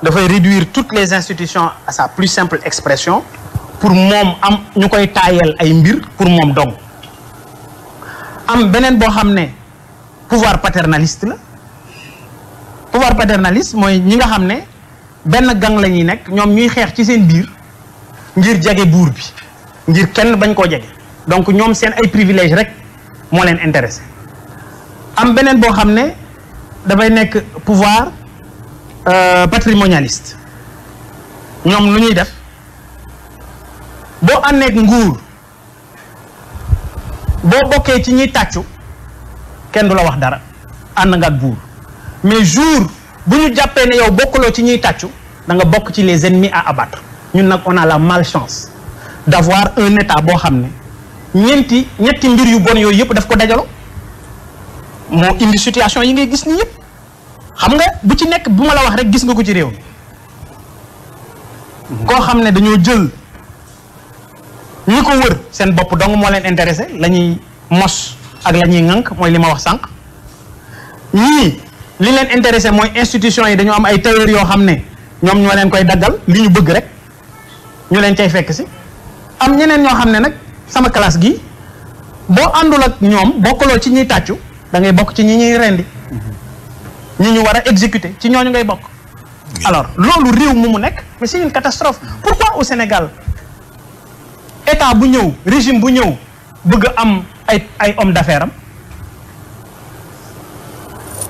dafay réduire toutes les institutions à sa plus simple expression pour moom am ñu koy taayal ay mbir pour moom dong am beneen boo xam ne pouvoir paternaliste la pouvoir paternaliste mooy ñi nga xam ne benn gang la ñuy nekk ñoom ñuy xeex ci seen biir ngir jege buur bi ngir kenn bañ koo jege donc ñoom seen ay privilège rek moo leen intéressé am beneen boo xam ne dafay nekk pouvoir Euh, patrimonialiste ñoom lu ñuy def boo àndeek nguur boo bokkee ci ñuy tàccu kenn du la wax dara ànd nga ak buur mais jour bu ñu jàppee ne yow bokkuloo ci ñuy tàccu da nga bokk ci les ennemis à abattre ñun nag on a la malchance d'avoir un état boo xam ne ñeenti ñetti mbir yu bon yooyu yëpp daf ko dajaloo moo indi situation yi ngay gis nii yëpp xam nga bu ci nekk bu ma la wax rek gis nga ko ci réew mi koo xam ne dañoo jël ñi ko wër seen bopp dong moo leen intéressé la ñuy mos ak la ñuy ŋànk mooy li ma wax sànq ñii li leen intéressé mooy institution yi dañoo am ay tailleur yoo xam ne ñoom ñoo leen koy daggal li ñu bëgg rek ñu leen kay fekk si am ñeneen ñoo xam ne nag sama classe gi boo àndul ak ñoom bokkaloo ci ñuy tàccu da ngay bokk ci ñi ñuy rendi ñi ñu war a exécuter ci ñooñu ngay bokk. alors loolu réew mu mu nekk mais c'est une catastrophe pourquoi au Sénégal état bu ñëw régime bu ñëw bëgg am ay ay homme d'affaires am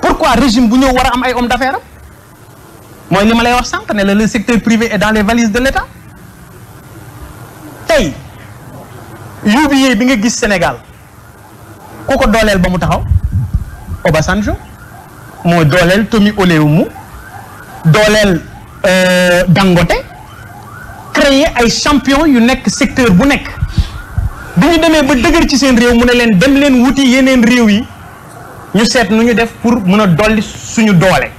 pourquoi régime bu ñëw war a am ay homme d'affaires am mooy li ma lay wax sànq ne la le secteur privé est dans les valises de l'État tey UBA bi nga gis Sénégal ku ko dooleel ba mu taxaw Obasanjo mooy dooleel Tommy mu dooleel euh, Dangote créer ay champion yu nekk secteur bu nekk bu ñu demee ba dëgër ci seen réew mu ne leen dem leen wuti yeneen réew yi ñu seet nu ñu def pour mun a dolli suñu doole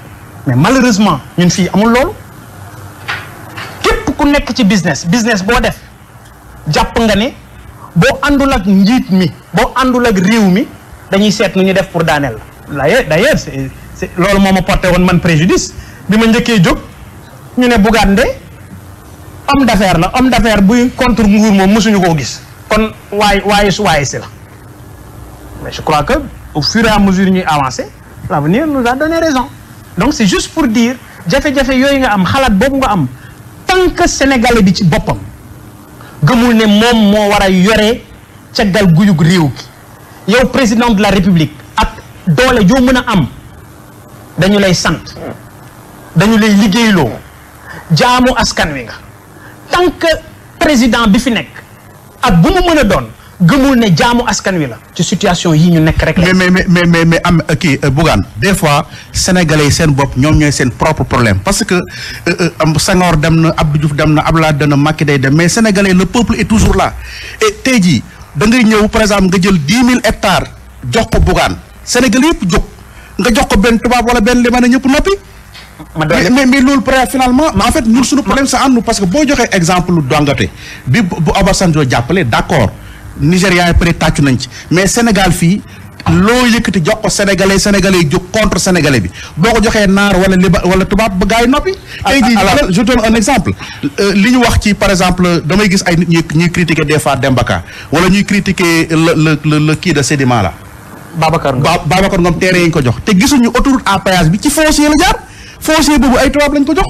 mais malheureusement ñun fii amul loolu képp ku nekk ci business business boo def jàpp nga ne boo àndul ak njiit mi boo àndul ak réew mi dañuy seet nu ñu def pour daaneel la d'ailleurs loolu moom ma porté woon man préjudice bi ma njëkkee jóg ñu ne Bougane de homme d'affaires la homme d'affaires buy contre nguur moom mosuñu koo gis kon waay waaye su waaye si la mais je crois que au fur et à mesure ñuy avancer l'avenir nous a donné raison donc c'est juste pour dire jafe-jafe yooyu nga am xalaat boobu nga am tant que sénégalais bi ci boppam gëmul ne moom moo war a yore caggal guyug réew gi yow président de la république ak doole joo mën a am dañu lay sant dañu lay liggéeyloo jaamu askan wi nga tant que président bi fi nekk ak bu mu mën a doon gëmul ne jaamu askan wi la ci situation yi ñu nekk rek la. mais mais mais mais am kii euh, Bougane des fois sénégalais seen bopp ñoom ñooy seen propre problème parce que euh, euh, am Senghor dem na Abdou Diouf dem na Abdoulaye dem na Macky day dem mais sénégalais le peuple est toujours la et tey jii da ngay ñëw par exemple nga jël dix mille hectares jox ko Bougane Sénégal yëpp jóg. nga jox ko benn tubaab wala benn a ñëpp noppi. ma mais mais loolu pare finalement mais en fait ñun suñu problème sa ànd parce que boo joxee exemple lu dongate bi bu Obasanjo jàppale d' accord Nigéria yi pare tàccu nañ ci mais Sénégal fii. loo yëkk ti jox ko sénégalais sénégalais jóg contre sénégalais bi boo ko joxee naar wala liba wala tubaab ba gars yi noppi. Ah, tey jii ah, je donne un exemple. Euh, li ñu wax ci par exemple damay gis ay nit ñuy ñuy critiquer des fois Dembaka wala ñuy critiquer l le le kii de Sédima la. Babacar Ngom Babacar Ngom terrain yi ñu ko jox te gisuñu autoroute à péage bi ci foncier la jaar foncier boobu ay tubaab lañ ko jox.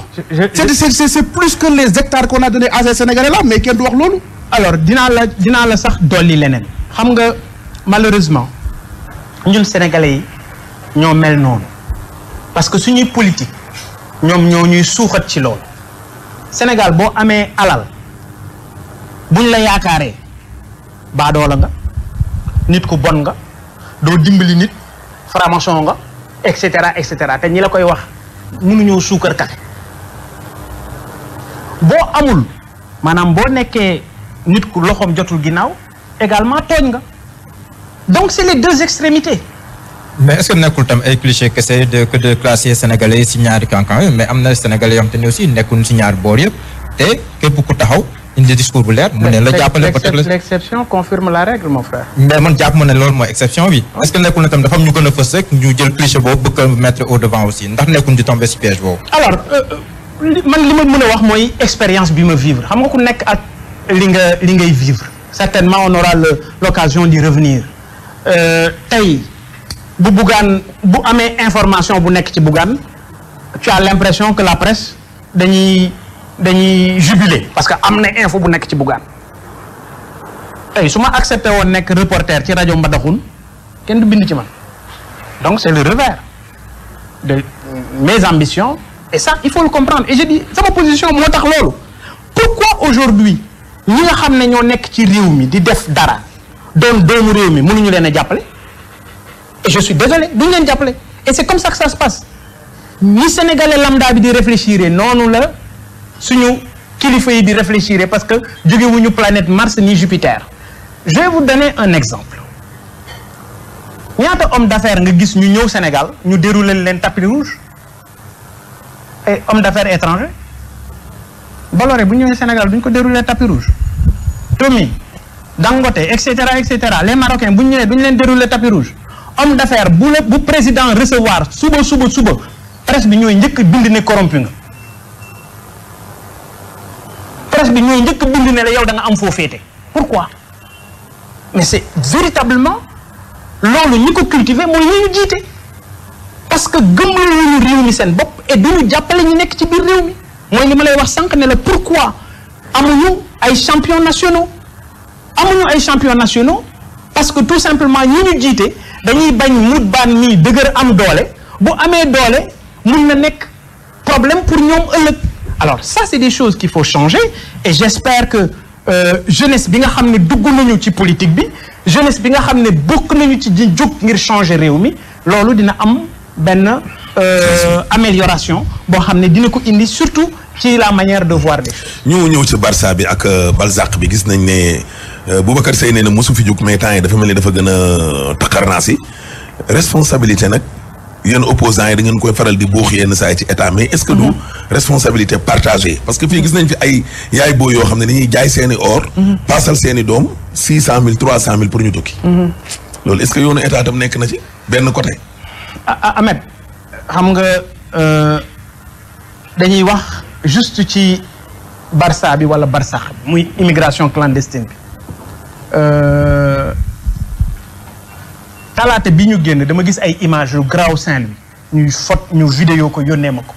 c'est c'est c'est plus que les hectares qu'on a donné à ces Sénégalais là mais kenn du wax loolu. alors dinaa la dinaa la sax dolli leneen. xam nga malheureusement ñun sénégalais yi ñoo mel noonu parce que suñuy politique ñoom ñoo ñuy suuxat ci lool Sénégal boo amee alal buñ la yaakaaree baadoola nga nit ku bon nga. doo dimbali nit franc-maçon nga et cetera et cetera te ñi la koy wax mënuñoo suukar kafe boo amul maanaam boo nekkee nit ku loxoom jotul ginnaaw également tooñ nga donc c'est les deux extrémités. mais est-ce que nekkul tam ay cliché kese de que de classer sénégalais si ñaari kankan mais am na sénégalais yoo xam te ne aussi nekkuñ si ñaar boor yëpp te képp ku taxaw. indi discours bu leer. mu ne la jàppale peut être l' exception confirme la règle mon frère. mais man jàpp ma ne loolu mooy exception bi. Ah. est nekkul ne tam dafa am ñu gën a fës rek ñu jël cliché boobu bëgg a mettre au devant aussi ndax nekkul ñu tombé si piège boobu. alors euh, euh, li ma mën a wax mooy expérience bi ma vivre xam nga ko nekk ak li nga li ngay vivre certainement on aura l'occasion d'y revenir euh, tey bu buggaan bu amee information bu nekk ci buggaan tu as l'impression que la presse dañuy jubiler parce que am na info bu nekk ci Bougane tey su ma accepté woon nekk reporter ci rajo Mbadakhoune kenn du bind ci man donc c'est le revers de mes ambitions et sa il faut le comprendre et je dis sama position moo tax loolu pourquoi aujourd'hui ñi nga xam ne ñoo nekk ci réew mi di def dara doon doomu réew mi mënuñu leen a jàppale et je suis désolé duñu leen jàppale et c'est comme ça que ça se passe ni sénégalais lambda bi di réfléchir noonu la suñu kilifa yi di réfléchir parce que jóge wuñu planète Mars ni Jupiter je vais vous donner un exemple ñaata homme d'affaires nga gis ñu ñëw Sénégal ñu dérouler leen tapis rouge ay homme d'affaires étranger Bolloré bu ñëwee Sénégal duñ ko dérouler tapis rouge Tomy Dangote et cetera et cetera les Marocains bu ñu ñëwee duñ leen dérouler tapis rouge homme d'affaires bu la bu président recevoir suba suba suba presse bi ñooy njëkk bind ne corrompu nga affaire bi ñooy njëkk bind ne la yow da am foo féete pourquoi mais c'est véritablement loolu ñi ko cultiver mooy ñi ñu jiite parce que gëmloo ñu réew mi seen bopp et duñu jàppale ñu nekk ci biir réew mi mooy li ma lay wax sànq ne la pourquoi amuñu ay champions nationaux amuñu ay champions nationaux parce que tout simplement ñi ñu jiite dañuy bañ mut baan nii dëgër am doole bu amee doole mun na nekk problème pour ñoom ëllëg alors ça c'est des choses qu'il faut changer et j'espère que euh, jeunesse bi nga xam ne dugg nañu ci politique bi jeunesse bi nga xam ne bokk nañu ci di jóg ngir changer réew mi loolu dina am benn euh, amélioration boo xam ne dina ko indi surtout ci la manière de voir des ñu ñëw ci Barça bi ak euh, Balzac bi gis nañ ne Boubacar Seye nee na mosu fi jóg mais temps yi dafa mel ni dafa gën a taqarnaas yi responsabilité nag yenn opposants yi da koy faral di buux yenn saa yi ci état mais est-ce que du mhm. responsabilité partagée parce que fii gis nañ fi ay yaay boo yoo xam ne dañuy jaay seeni or mhm. paasal seeni doom six cent mille trois cent mille pour ñu tukki mhm. loolu est-ce que yoonu état tam nekk na ci benn côté ah, ah, Ahmed xam nga euh, dañuy wax juste ci barsa bi wala Barsax muy immigration clandestine bi euh, talaata bi ñu génn dama gis ay image yu graw sen louis ñuy fot ñu vidéo ko yónnee ma ko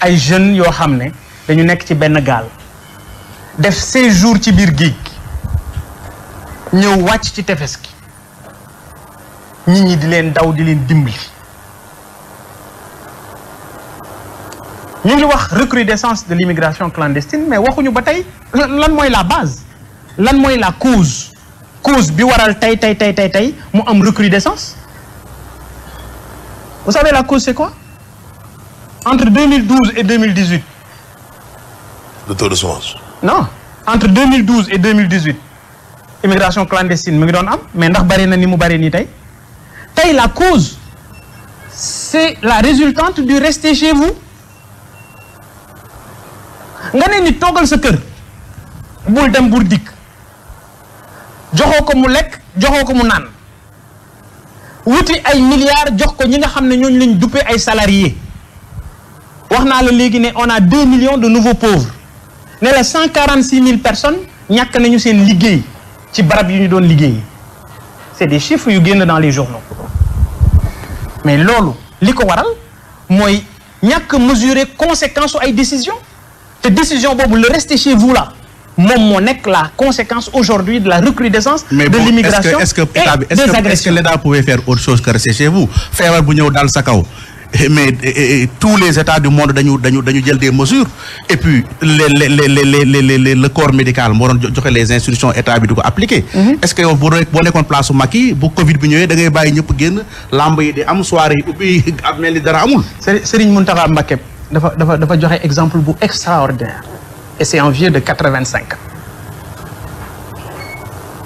ay jeunes yoo xam ne dañu nekk ci benn gaal def seize jours ci biir géej gi ñëw wàcc ci tefes gi nit ñi di leen daw di leen dimbali ñu ngi wax recrudescence de l'immigration clandestine mais waxuñu ba tey lan mooy la base lan mooy la cause cause bi waral tey tey tey tey tey mu am recrudescence vous savez la cause c'est quoi entre 2012 et 2018. le taux de chômage. non entre 2012 et 2018 immigration clandestine mu ngi doon am mais ndax bari na ni mu bari nii tey tey la cause c'est la résultante du rester chez vous nga ne ni toggal sa kër bul dem bul dikk. joxoo ko mu lekk joxoo ko mu naan wuti ay milliards jox ko ñi nga xam ne ñooñu lañ duppee ay salariés wax naa la léegi ne on a deux millions de nouveaux pauvres ne la cent quarante six mille personnes ñàkk nañu seen liggéey ci barab yu ñu doon liggéey c'est des chiffres yu génn dans les journaux mais loolu li ko waral mooy ñàkk mesurer conséquence su ay décision te décision boobu le rester chez vous là moom moo nekk la conséquence aujourd'hui de la recrudescence mais bon, de l'immigration est-ce que est-ce daal sa kaw mais et, les États du dañu dañu dañu jël des mesures et puis les les les les les les le corps médical moo doon joxe les instructions état bi di ko appliquer. Mhm. est-ce que yow boo boo nekkoon place su Macky bu Covid bi ñëwee da am soirée yi ubbi [laughs] ab mel ni dara amul. Serigne Mountakha dafa joxe exemple bu extraordinaire. et c'est de quatre-vingt-cinq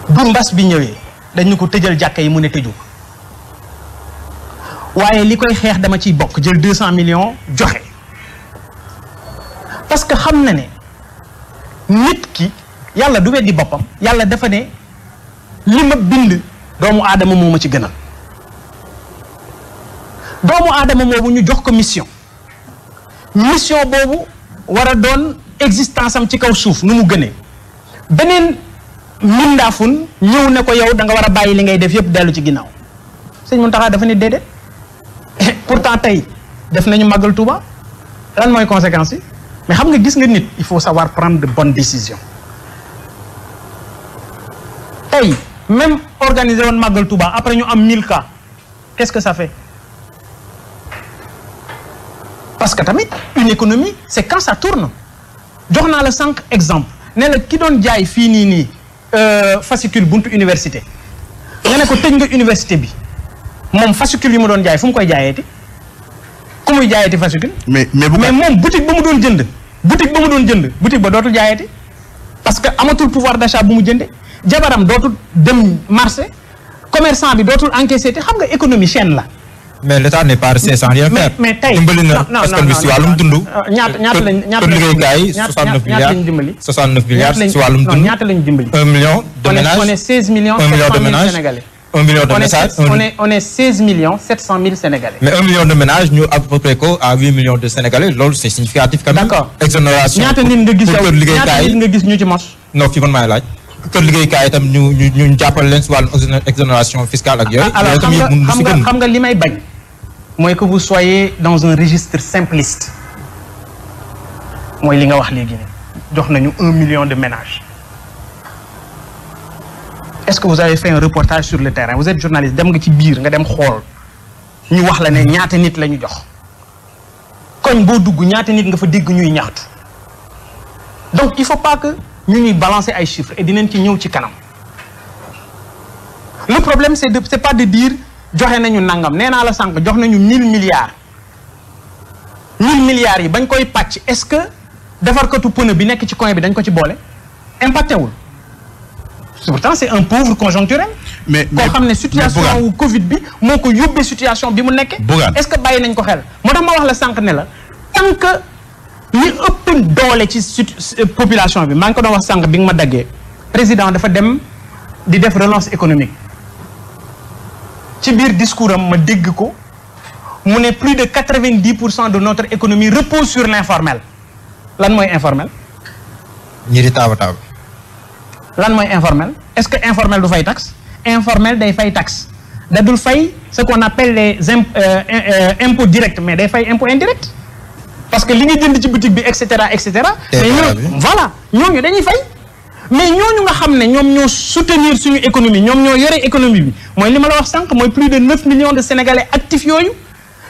bu mbas bi ñëwee dañu ko tëjal jàkka yi mu ne tëju waaye li koy xeex dama ciy bokk jël deux cent millions joxe parce que xam na ne nit ki yàlla du weddi boppam yàlla dafa ne li ma bind doomu aadama moo ma ci gënal doomu aadama moomu ñu jox ko mission mission boobu war doon existence am ci kaw suuf nu mu gënee beneen mindaafun ñëw ne ko yow da nga war a bàyyi li ngay def yëpp dellu ci ginnaaw sëñ Mountakha dafa ne déedéet [laughs] pourtant tey def nañu màggal Touba lan mooy conséquence yi mais xam nga gis nga nit il faut savoir prendre de bonnes décision tey même organiser woon màggal Touba après ñu am 1000 cas ce que ça fait parce que tamit une économie c'est quand ça tourne jox naa la cinq exemple ne la ki doon jaay fii nii nii euh, fascicule buntu université nga ne ko tëj nga université bi moom fascicule yi ma doon jaay fu mu koy jaayeeti ku muy jaayeeti fascicule mais mais moom boutique ba mu doon jënd boutique ba mu doon jënd boutique ba dootul jaayeeti parce que amatul pouvoir d'achat bu mu jënde jabaram dootul dem marché commerçant bi dootul encaissé te xam nga économie chaîne la mais l'état n'est pas resté sans rien mais tey dimbali na askan bi si wàllum dund. Euh, ñaata ñaata lañ ñaata lañ ñaata ñaata lañ dimbali. 69 milliards 69 milliards si wàllum dund. ñaata lañ dimbali. 1 million de ménages on est 16 millions 700 million de ménages on million de ménages ñu à ko à 8 millions de sénégalais loolu c'est significatif quand exonération ñaata nit nga gis yow ñaata nit nga gis ñu ñu ñu jàppale leen si wàllum exonération fiscale mooy que vous soyez dans un registre simpliste mooy li nga wax léegi nii jox nañu un million de ménage est-ce que vous avez fait un reportage sur le terrain vous êtes journaliste dem nga ci biir nga dem xool ñu wax la ne ñaata nit la ñu jox koñ boo dugg ñaata nit nga fa dégg ñuy ñaxtu donc il faut pas que ñu ñuy balancer ay chiffres et dinañ ci ñëw ci kanam le problème c'est pas de dire joxe nañu nangam nee naa la sànq jox nañu mille milliards mille milliards yi bañ koy pàcc est-ce que defarkatu pneu bi nekk ci coin bi dañ ko ci boole impacté wul pourtant c'est un pauvre conjoncturel. mais mais koo xam ne situation wu Covid bi moo ko yóbbee situation bi mu nekkee. est-ce que bàyyi nañ ko xel moo tax ma wax la sànq ne la tant que ñi ëpp doole ci euh, population bi maa ngi ko doo wax sànq bi nga ma daggee président dafa dem di def relance ci biir discours am ma dégg ko mu ne plus de quatre-vingt-dix pour cent de notre économie repose sur l'informel lan mooy informel. ñi di taaba taaba. lan mooy informel est-ce que informel du fay tax informel day fay taxe da dul fay ce qu'on appelle les imp euh, euh, impôts directs mais day fay impôt indirect parce que li nga jënd ci boutique bi et cetera et cetera. mais voilà ñooñu dañuy fay. mais ñooñu nga xam ne ñoom ñoo soutenir suñu économie ñoom ñoo yore économie bi mooy li ma la wax sànq mooy plus de 9 millions de sénégalais actifs yooyu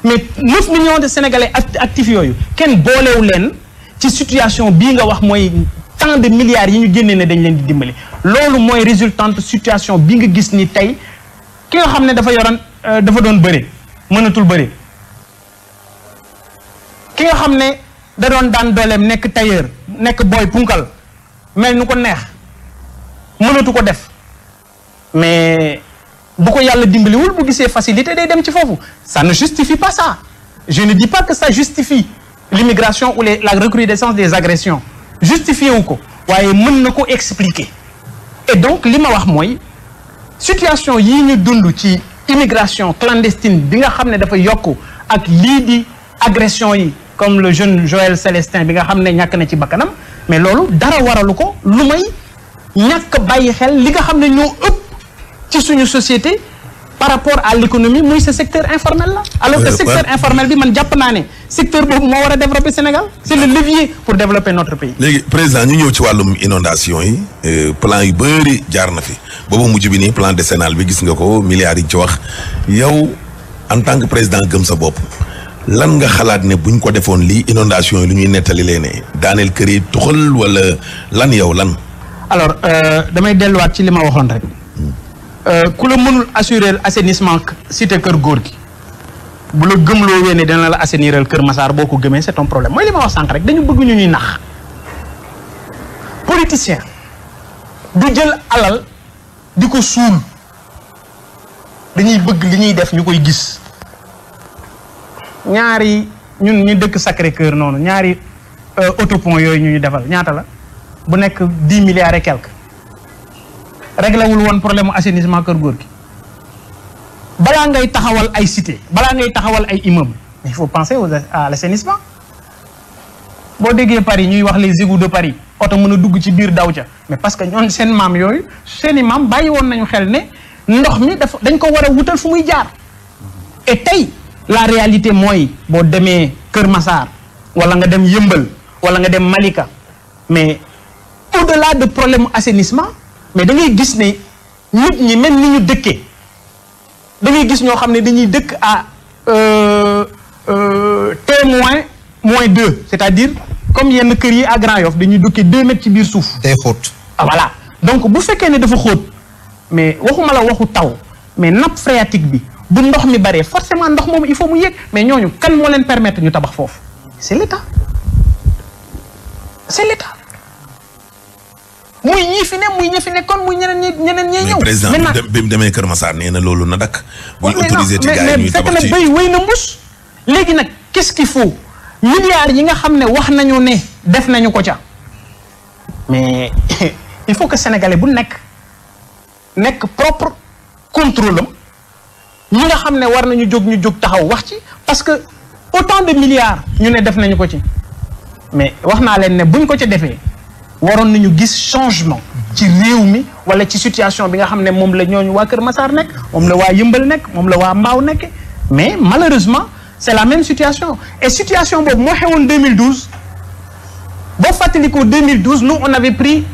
mais 9 millions de sénégalais actifs yooyu kenn boolewu leen ci situation bii nga wax mooy tant de milliards yi ñu génnee ne dañ leen di dimbali loolu mooy résultante situation bi nga gis ni tey ki nga xam ne dafa yoroon euh, dafa doon bëri mënatul bëri ki nga xam ne da doon daan dooleem nekk tailleur nekk booy punkal mais nu ko neex mënatu ko def mais bu ko yàlla dimbaliwul bu gisee facilité day dem ci foofu ça ne justifie pas ça je ne dis pas que ça justifie l'immigration ou les, la recrudescence des agressions justifié wu ko waaye mën na ko expliquer et donc li ma wax mooy situation yi ñu dund ci immigration clandestine bi nga xam ne dafa yokku ak lii di agression yi comme le jeune Joël Célestin bi nga xam ne ñàkk na ci bakkanam mais loolu dara waralu ko lu may ñàkk bàyyi xel li nga xam ne ñoo ëpp ci suñu société par rapport à l'économie muy ce secteur informel la alors que secteur informel bi man jàpp naa ne secteur boobu moo war a développer Sénégal c'est le levier pour développer notre pays léegi président ñu ñëw ci wàllum inondation yi euh, plan yu bari jaar na fi boobu mujj bi nii plan décennal bi gis nga ko milliards yi ci wax yow en tant que président gëm sa bopp lan nga xalaat ne buñ ko defoon lii inondation yi lu ñuy nettali lee ne daaneel kër yi tuxal wala lan yow lan. alors euh, damay delluwaat ci li ma waxoon rek. Hmm. Euh, ku la mënul assurer assainissement cité kër góor gi. bu la gëmloo wee ne dana la assainiral Kër masaar boo ko gëmee c'est ton problème mooy li wax sànq rek dañu bëgg ñu ñuy nax politicien du jël alal di ko suul dañuy bëgg li ñuy def ñu koy gis ñaari ñun ñu dëkk Sacré Cœur noonu ñaari euh, autopont yooyu ñu ñu defal ñaata la bu nekk dix milliards et quelque réglé woon problème mu kër góor gi balaa ngay taxawal ay cité balaa ngay taxawal ay immeuble mais il faut penser aux à l' assainissement boo déggee Paris ñuy wax les égouts de Paris oto mën a dugg ci biir daw ca mais parce que ñoon seen maam yooyu seen i maam bàyyi woon nañu xel ne ndox mi dafa dañ ko war a wutal fu muy jaar et tey la réalité mooy boo demee Kër Massar wala nga dem Yëmbal wala nga dem Malika mais au-delà de problème assainissement mais da ngay gis ne nit ñi même ni ñu dëkkee da ngay gis ñoo xam ne dañuy dëkk à euh, euh, T moins moins deux c'est-à-dire comme yenn kër yi à Grand Yoff dañuy dëkkee deux mètres ci biir suuf. day xóot ah voilà donc bu fekkee ne dafa xóot mais waxuma la waxu taw mais nappe phréatique bi. bu ndox mi baree forcément ndox moom il faut mu yéeg mais ñooñu kan moo leen permettre ñu tabax foofu c'est l'état c'est l'état muy ñi fi ne muy ñi fi ne kon muy ñeneen ñi ñeneen ñi ñëw. président bi mu demee Kër Massar nee na loolu na dakk. buñ autorisé ci gars yi ñuy na béy léegi nag qu'est-ce qu'il faut milliards nga xam ne wax nañu ne def nañu ko ca mais [laughs] il faut que sénégalais bu nekk nekk propre contrôle am ñi nga xam ne war nañu jóg ñu jóg taxaw wax ci parce que autant de milliards ñu ne def nañu ko ci mais wax naa leen ne buñ ko ci defee waroon nañu gis changement ci réew mi wala ci situation bi nga xam ne moom la ñooñu waa Kër masaar nekk moom la waa Yëmbal nekk moom la waa maaw nekk mais malheureusement c'est la même situation et situation boobu moo xewoon 2012 boo fàttalikoo 2012 nous on avait pris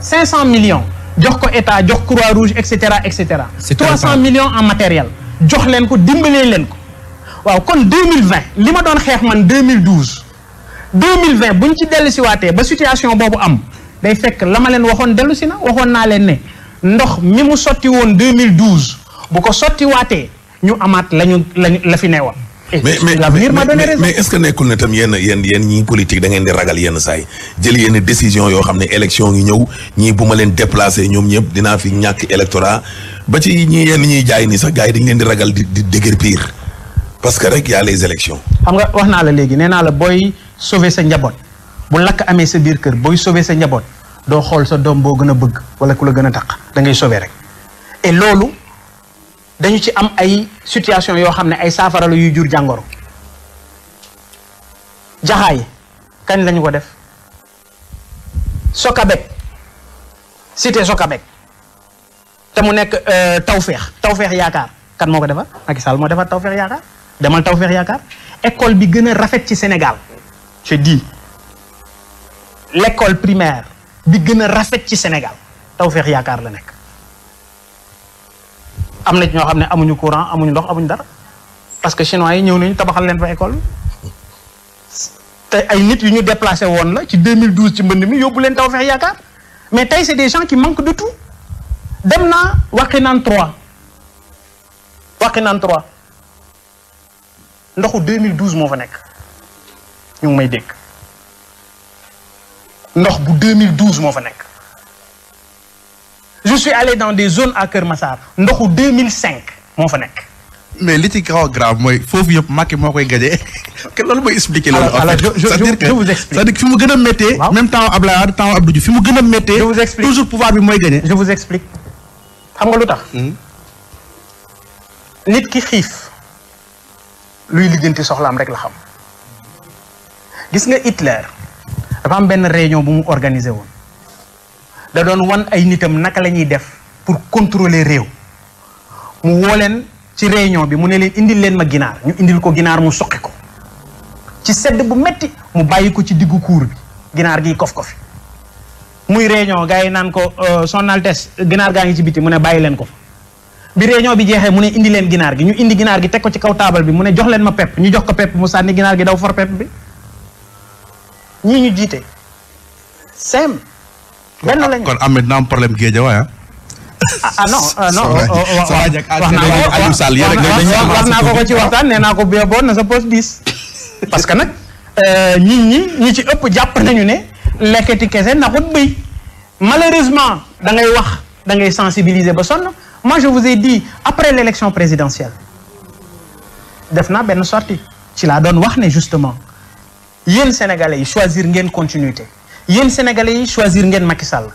500 millions jox ko état jox Croix-Rouge et cetera et cetera. 300 millions en matériel. jox leen ko dimbalee leen ko waaw kon 2020 li ma doon xeex man 2012 2020 bu ñu ci dellu si waatee ba situation boobu am day fekk la ma leen waxoon dellu si na waxoon naa leen ne ndox mi mu sotti woon 2012 bu ko sotti waatee ñu amaat lañu lañu la fi newoon Eh, mais mais mais est-ce que nekkul ne tam yenn yenn yenn ñii politique da ngeen di ragal yenn saa yi jël yenn décision yoo xam ne élection ngi ñëw ñii bu ma leen déplacé ñoom ñëpp dinaa fi ñàkk électorat ba ci ñi yenn ñuy jaay nii sax gars yi dañ leen di ragal di di déguerpir parce que rek y a les élections. xam nga wax naa la léegi nee naa la booy sauver sa njaboot bu lakk amee sa biir kër booy sauver sa njaboot doo xool sa doom boo gën a bëgg wala ku la gën a taq da ngay sauver rek dañu ci am ay situation yoo xam ne ay saafara la yuy jur jàngoro jaxaay kañ lañu ko def Sokabek cité Sokabek te mu nekk tawfeex euh, tawfeex yaakaar kan moo ko defar Macky Sall moo defar tawfeex yaakaar demal tawfeex yaakaar école bi gën a rafet ci Sénégal je di l'école primaire bi gën a rafet ci Sénégal tawfeex yaakaar la nekk am na ñoo xam ne amuñu courant amuñu ndox amuñu dara parce que chinois yi ñëw nañu tabaxal leen fa école te ay nit yu ñu déplacé woon la ci 2012 ci mbënd mi yóbbu leen taw fex yaakaar mais tey c'est des gens qui manquent de tout dem naa Wakhinane 3 Wakhinane 3 ndoxu 2012 moo fa nekk ñu ngi may dégg ndox bu 2012 moo fa nekk. je suis allé dans des zone à Kër Massar ndoxu 2005 moo fa nekk. mais li ci kaw a mooy foofu yëpp Macky moo koy gañe [laughs] loolu mooy expliquer loolu. alors c'est-à-dire que cest gën a méttee. même temps Abdoulaye Wade temps Abdou Diouf fi a méttee. je vous explique toujours pouvoir bi mooy gañe. je vous explique xam nga lu tax. Hmm? nit ki xiif luy liggéenti soxlaam rek la xam gis nga Hitler dafa am benn réunion bu mu organisé woon. da doon wan ay nitam naka la ñuy def pour contrôler réew mu woo leen ci réunion bi mu ne leen indil leen ma ginaar ñu indil ko ginaar mu soqi ko ci sedd bu metti mu bàyyi ko ci diggu kuur bi ginaar gi kof kofi muy réunion gars yi naan ko euh, son altesse ginaar gaa ngi ci biti mu ne bàyyi leen ko bi réyon bi jeexee mu ne indi leen ginaar gi ñu indi ginaar gi teg ko ci kaw taabal bi mu ne jox leen ma pepp ñu jox ko pepp mu sànni ginaar gi daw for pepp bi ñii ñu jiite benn lañ kon am na problème Guédiawaye ah. ah, ah non ah, non oh, oh, oh, ah, wax naa ko ko ci waxtaan nee naa ko bee boon na sa poche diis parce que nag nit euh, ñi ñi ci ëpp jàpp nañu ne leketi kese naxut bëy malheureusement da ngay wax da ngay sensibiliser ba sonn moi je vous ai dit après l'élection présidentielle def naa benn sortie ci la doon wax ne justement yéen sénégalais yi choisir ngeen continuité yéen sénégalais yi choisir ngeen Macky Sall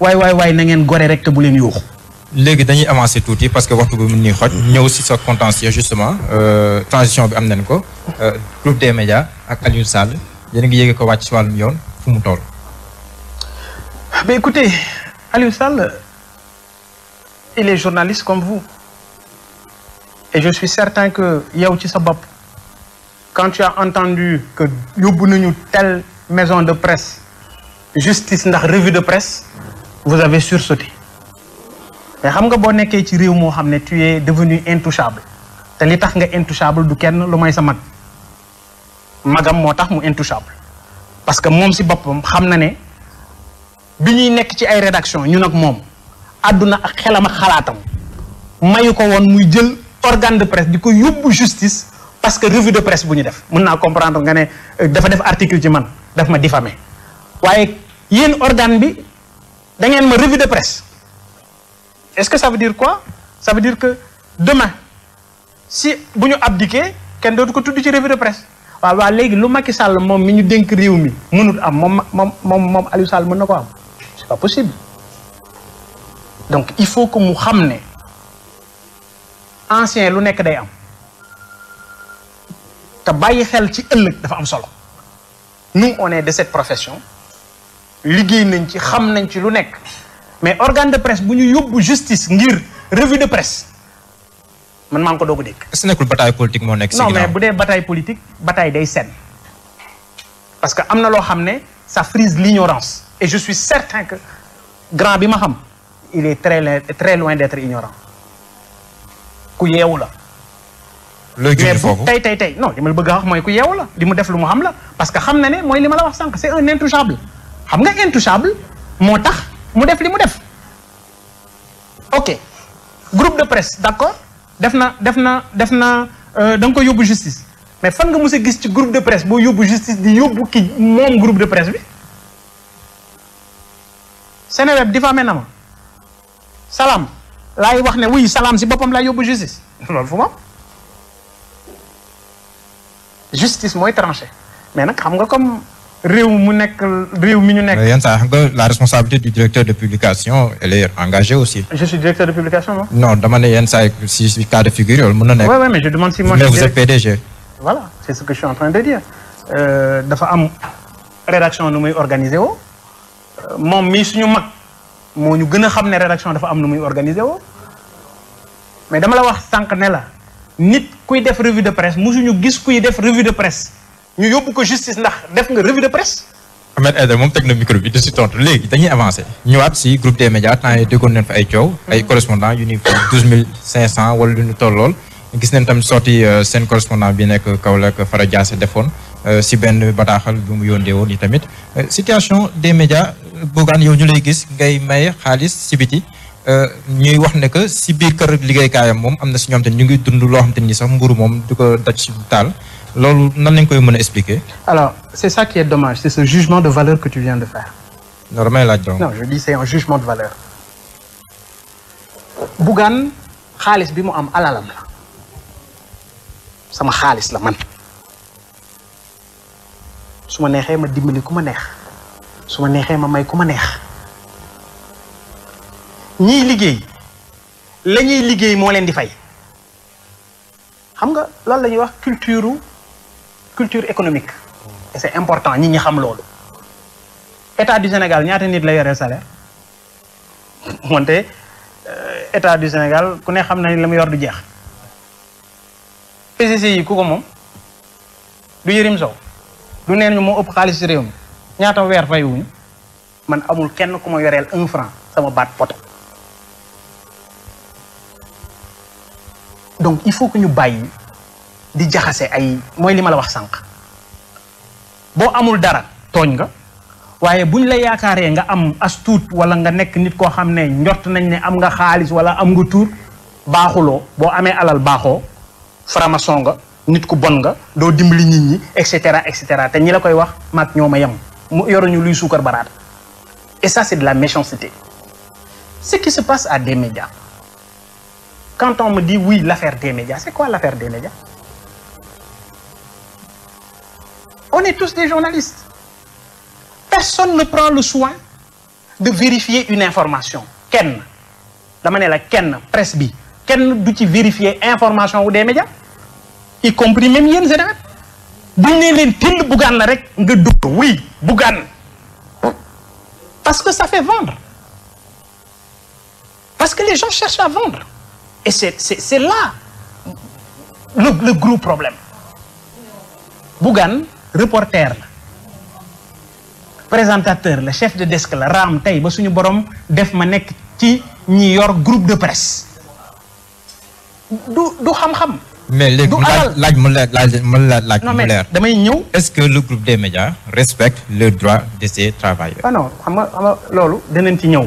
waay waaye waaye nangeen gore rek te bu leen yuuxu. léegi dañuy avancer tuuti parce que waxtu bi mu nii xoj. ñëw si sa contentieux justement euh, transition bi am nañ ko. groupe euh, des média ak Aliou Sall yéen a ngi yéege ko wàcc si wàllum yoon fu mu toll. mais écoutez Aliou Sall il est journaliste comme vous et je suis certain que yow ci sa bopp quand tu as entendu que yóbbu nañu telle maison de presse. justice ndax revue de presse vous avez soti mais xam nga boo nekkee ci réew moo xam ne tu es devenu intouchable te li tax nga intouchable du kenn lu may sa mag magam moo tax mu intouchable parce que moom si boppam xam na ne bi ñuy nekk ci ay rédaction ñu nag moom àdduna ak xelam ak xalaatam mayu ko woon muy jël organe de presse di ko yóbbu justice parce que revue de presse bu ñu def mën naa comprendre nga ne euh, dafa def article ci man daf ma diffamé waaye yéen organe bi da ngeen ma revue de presse est-ce que ça veut dire quoi ça veut dire que demain si bu ñu abdiquer kenn dootu ko tudd ci revue de presse waaw waaw léegi lu Macky Sall moom mi ñu dénk réew mi mënut am moom moom moom moom Aliou mën na ko am c'est pas possible donc il faut que mu xam ne ancien lu nekk day am te bàyyi xel ci ëllëg dafa am solo nous on est de cette profession liggéey nañ ci xam nañ ci lu nekk mais organe de presse bu ñu yóbbu justice ngir revue de presse man maa ngi ko doog a dégg. est-ce que nekkul bataille politique moo nekk. si non mais bu dee bataille politique bataille day seen parce que am na loo xam ne ça frise l'ignorance et je suis certain que grand bi ma xam il est très loin très loin d'être ignorant ku yeewu la. looy mais bu tey mu def lu mu xam la parce que xam na ne mooy li ma la wax sànq c'est un intouchable. xam nga intouchable moo tax mu def li mu def ok groupe de presse d'accord def na def na def na euh, da nga ko yóbbu justice mais fan nga mus a gis ci groupe de presse boo yóbbu justice di yóbbu ki moom groupe de presse bi Seneweb diffamé na ma salaam laay wax ne wuy salaam si boppam laay yóbbu justice [laughs] loolu fu moom justice mooy tranché mais nag xam nga comme réew mu nekk réew mi ñu nekk. yenn saa xam nga la responsabilité du directeur de publication elle est engagée aussi. je suis directeur de publication non. non dama ne yenn saa si cas de figure yow na nekk. oui oui mais je demande si moi. mais vous êtes euh, dafa am rédaction nu muy organiser woo euh, moom mii suñu mag moo ñu gën a xam ne rédaction dafa am nu muy organiser woo mais dama la wax sànq ne la nit kuy def revue de presse mosuñu gis kuy def revue de presse. ñu yóbbu ko justice ndax def nga revue de presse. Ahmed Aïdara moom teg na micro bi di si tontu léegi dañuy avancé ñëwaat si groupe des médias temps yii mm-hmm. wala lu ñu tollool. gis nañ tamit sorti euh, seen correspondant bi nekk Kaolack Fara Diassé defoon si euh, benn bataaxal bu mu yónnee woon yi tamit euh, situation des médias Bougane yow ñu lay gis ngay may xaalis si biti ñuy wax ne que si biir kër liggéeykaayam moom am na si ñoom te ñu ngi dund loo xam te ni sax mburu moom du ko daj si taal. loolu nan lañ koy mën a expliquer. alo c'est ça qui est dommage c'est ce jugement de valeur que tu viens de faire. non damay laaj donc. non je dis c'est un jugement de valeur. Bougane xaalis bi mu am alalam la sama xaalis la man su ma neexee ma dimbali ku ma neex su ma neexee ma may ku ma neex ñiy liggéey la liggéey moo leen di fay xam nga loolu lañuy wax culture culture économique et c'est important ñi ñi xam loolu état du Sénégal ñaata nit la yoreel salaire moonte [laughs] euh, état du Sénégal ku ne xam na ni la mu yor du jeex PCC yi ku ko moom du Yërim Sow du neen ñu moo ëpp xaalis si réew mi ñaata weer fay wuñu man amul kenn ku ma yoreel un franc sama baat poto donc il faut que ñu bàyyi di jaxase ay mooy li ma la wax sànq boo amul dara tooñ nga waaye buñ la yaakaaree nga am as tuut wala nga nekk nit koo xam ne njort nañ ne am nga xaalis wala am nga tuur baaxuloo boo amee alal baaxoo franc-maçon nga nit ku bon nga doo dimbali nit ñi et cetera et cetera te ñi la koy wax maag ñoo ma yem mu yoruñu luy suukar baraat et de la méchanceté ce qui se passe à des médias quand on me dit oui l'affaire des médias c'est quoi l'affaire des médias On est tous des journalistes. Personne ne prend le soin de vérifier une information. Ken. dama ne la kenn presse bi kenn du ci vérifier information wu des médias y compris même yéen Sénégal buñ ne leen till buggaan la rek nga dugg oui buggaan parce que ça fait vendre parce que les gens cherchent à vendre et c'est c'est c'est là le, le gros problème reporter la présentateur la chef de desk la raam tey ba suñu borom def ma nekk ci ñi yor groupe de presse du xam-xam. mais léegi laaj laaj ma la laaj ma laaj. non mais damay ñëw. est-ce que le groupe des médias respecte le droit de ses travailleurs. ah non xam nga xam nga loolu danañ ci ñëw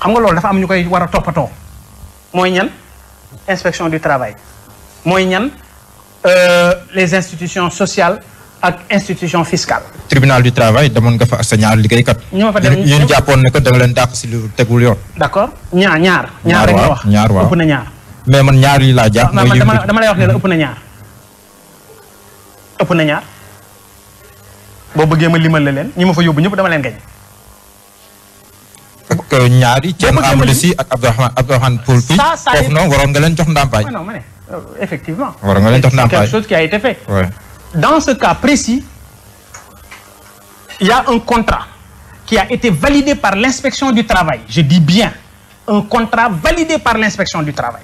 xam nga loolu dafa am ñu koy war a toppatoo mooy ñan inspection du travail mooy ñan. Euh, les institutions sociales ak institution fiscale. tribunal du travail demoon nga fa ak sa ñaar liggéeykat. ñu ma fa dem yéen jàppoon ne que da nga leen dàq si lu tegul yoon. d'accord ñaar ñaar. ñaar rek nga wax ñaar waaw ëpp na ñaar. mais man ñaar yi laa jàpp. mooy dama dama lay wax ne la ëpp na ñaar. ëpp na ñaar boo bëggee ma limal la leen ñi ma fa yóbbu ñëpp dama leen gañ. ak euh, ñaar yi. boo bëggee ma lim Thierno Amadou Sy ak Abdourahmane Abdourahmane Poul fii. saa saa foofu noonu waroon nga leen jox ndàmpaay. Euh, effectivement. c'est quelque chose qui a été fait. Dans ce cas précis, il y a un contrat qui a été validé par l'inspection du travail. Je dis bien, un contrat validé par l'inspection du travail.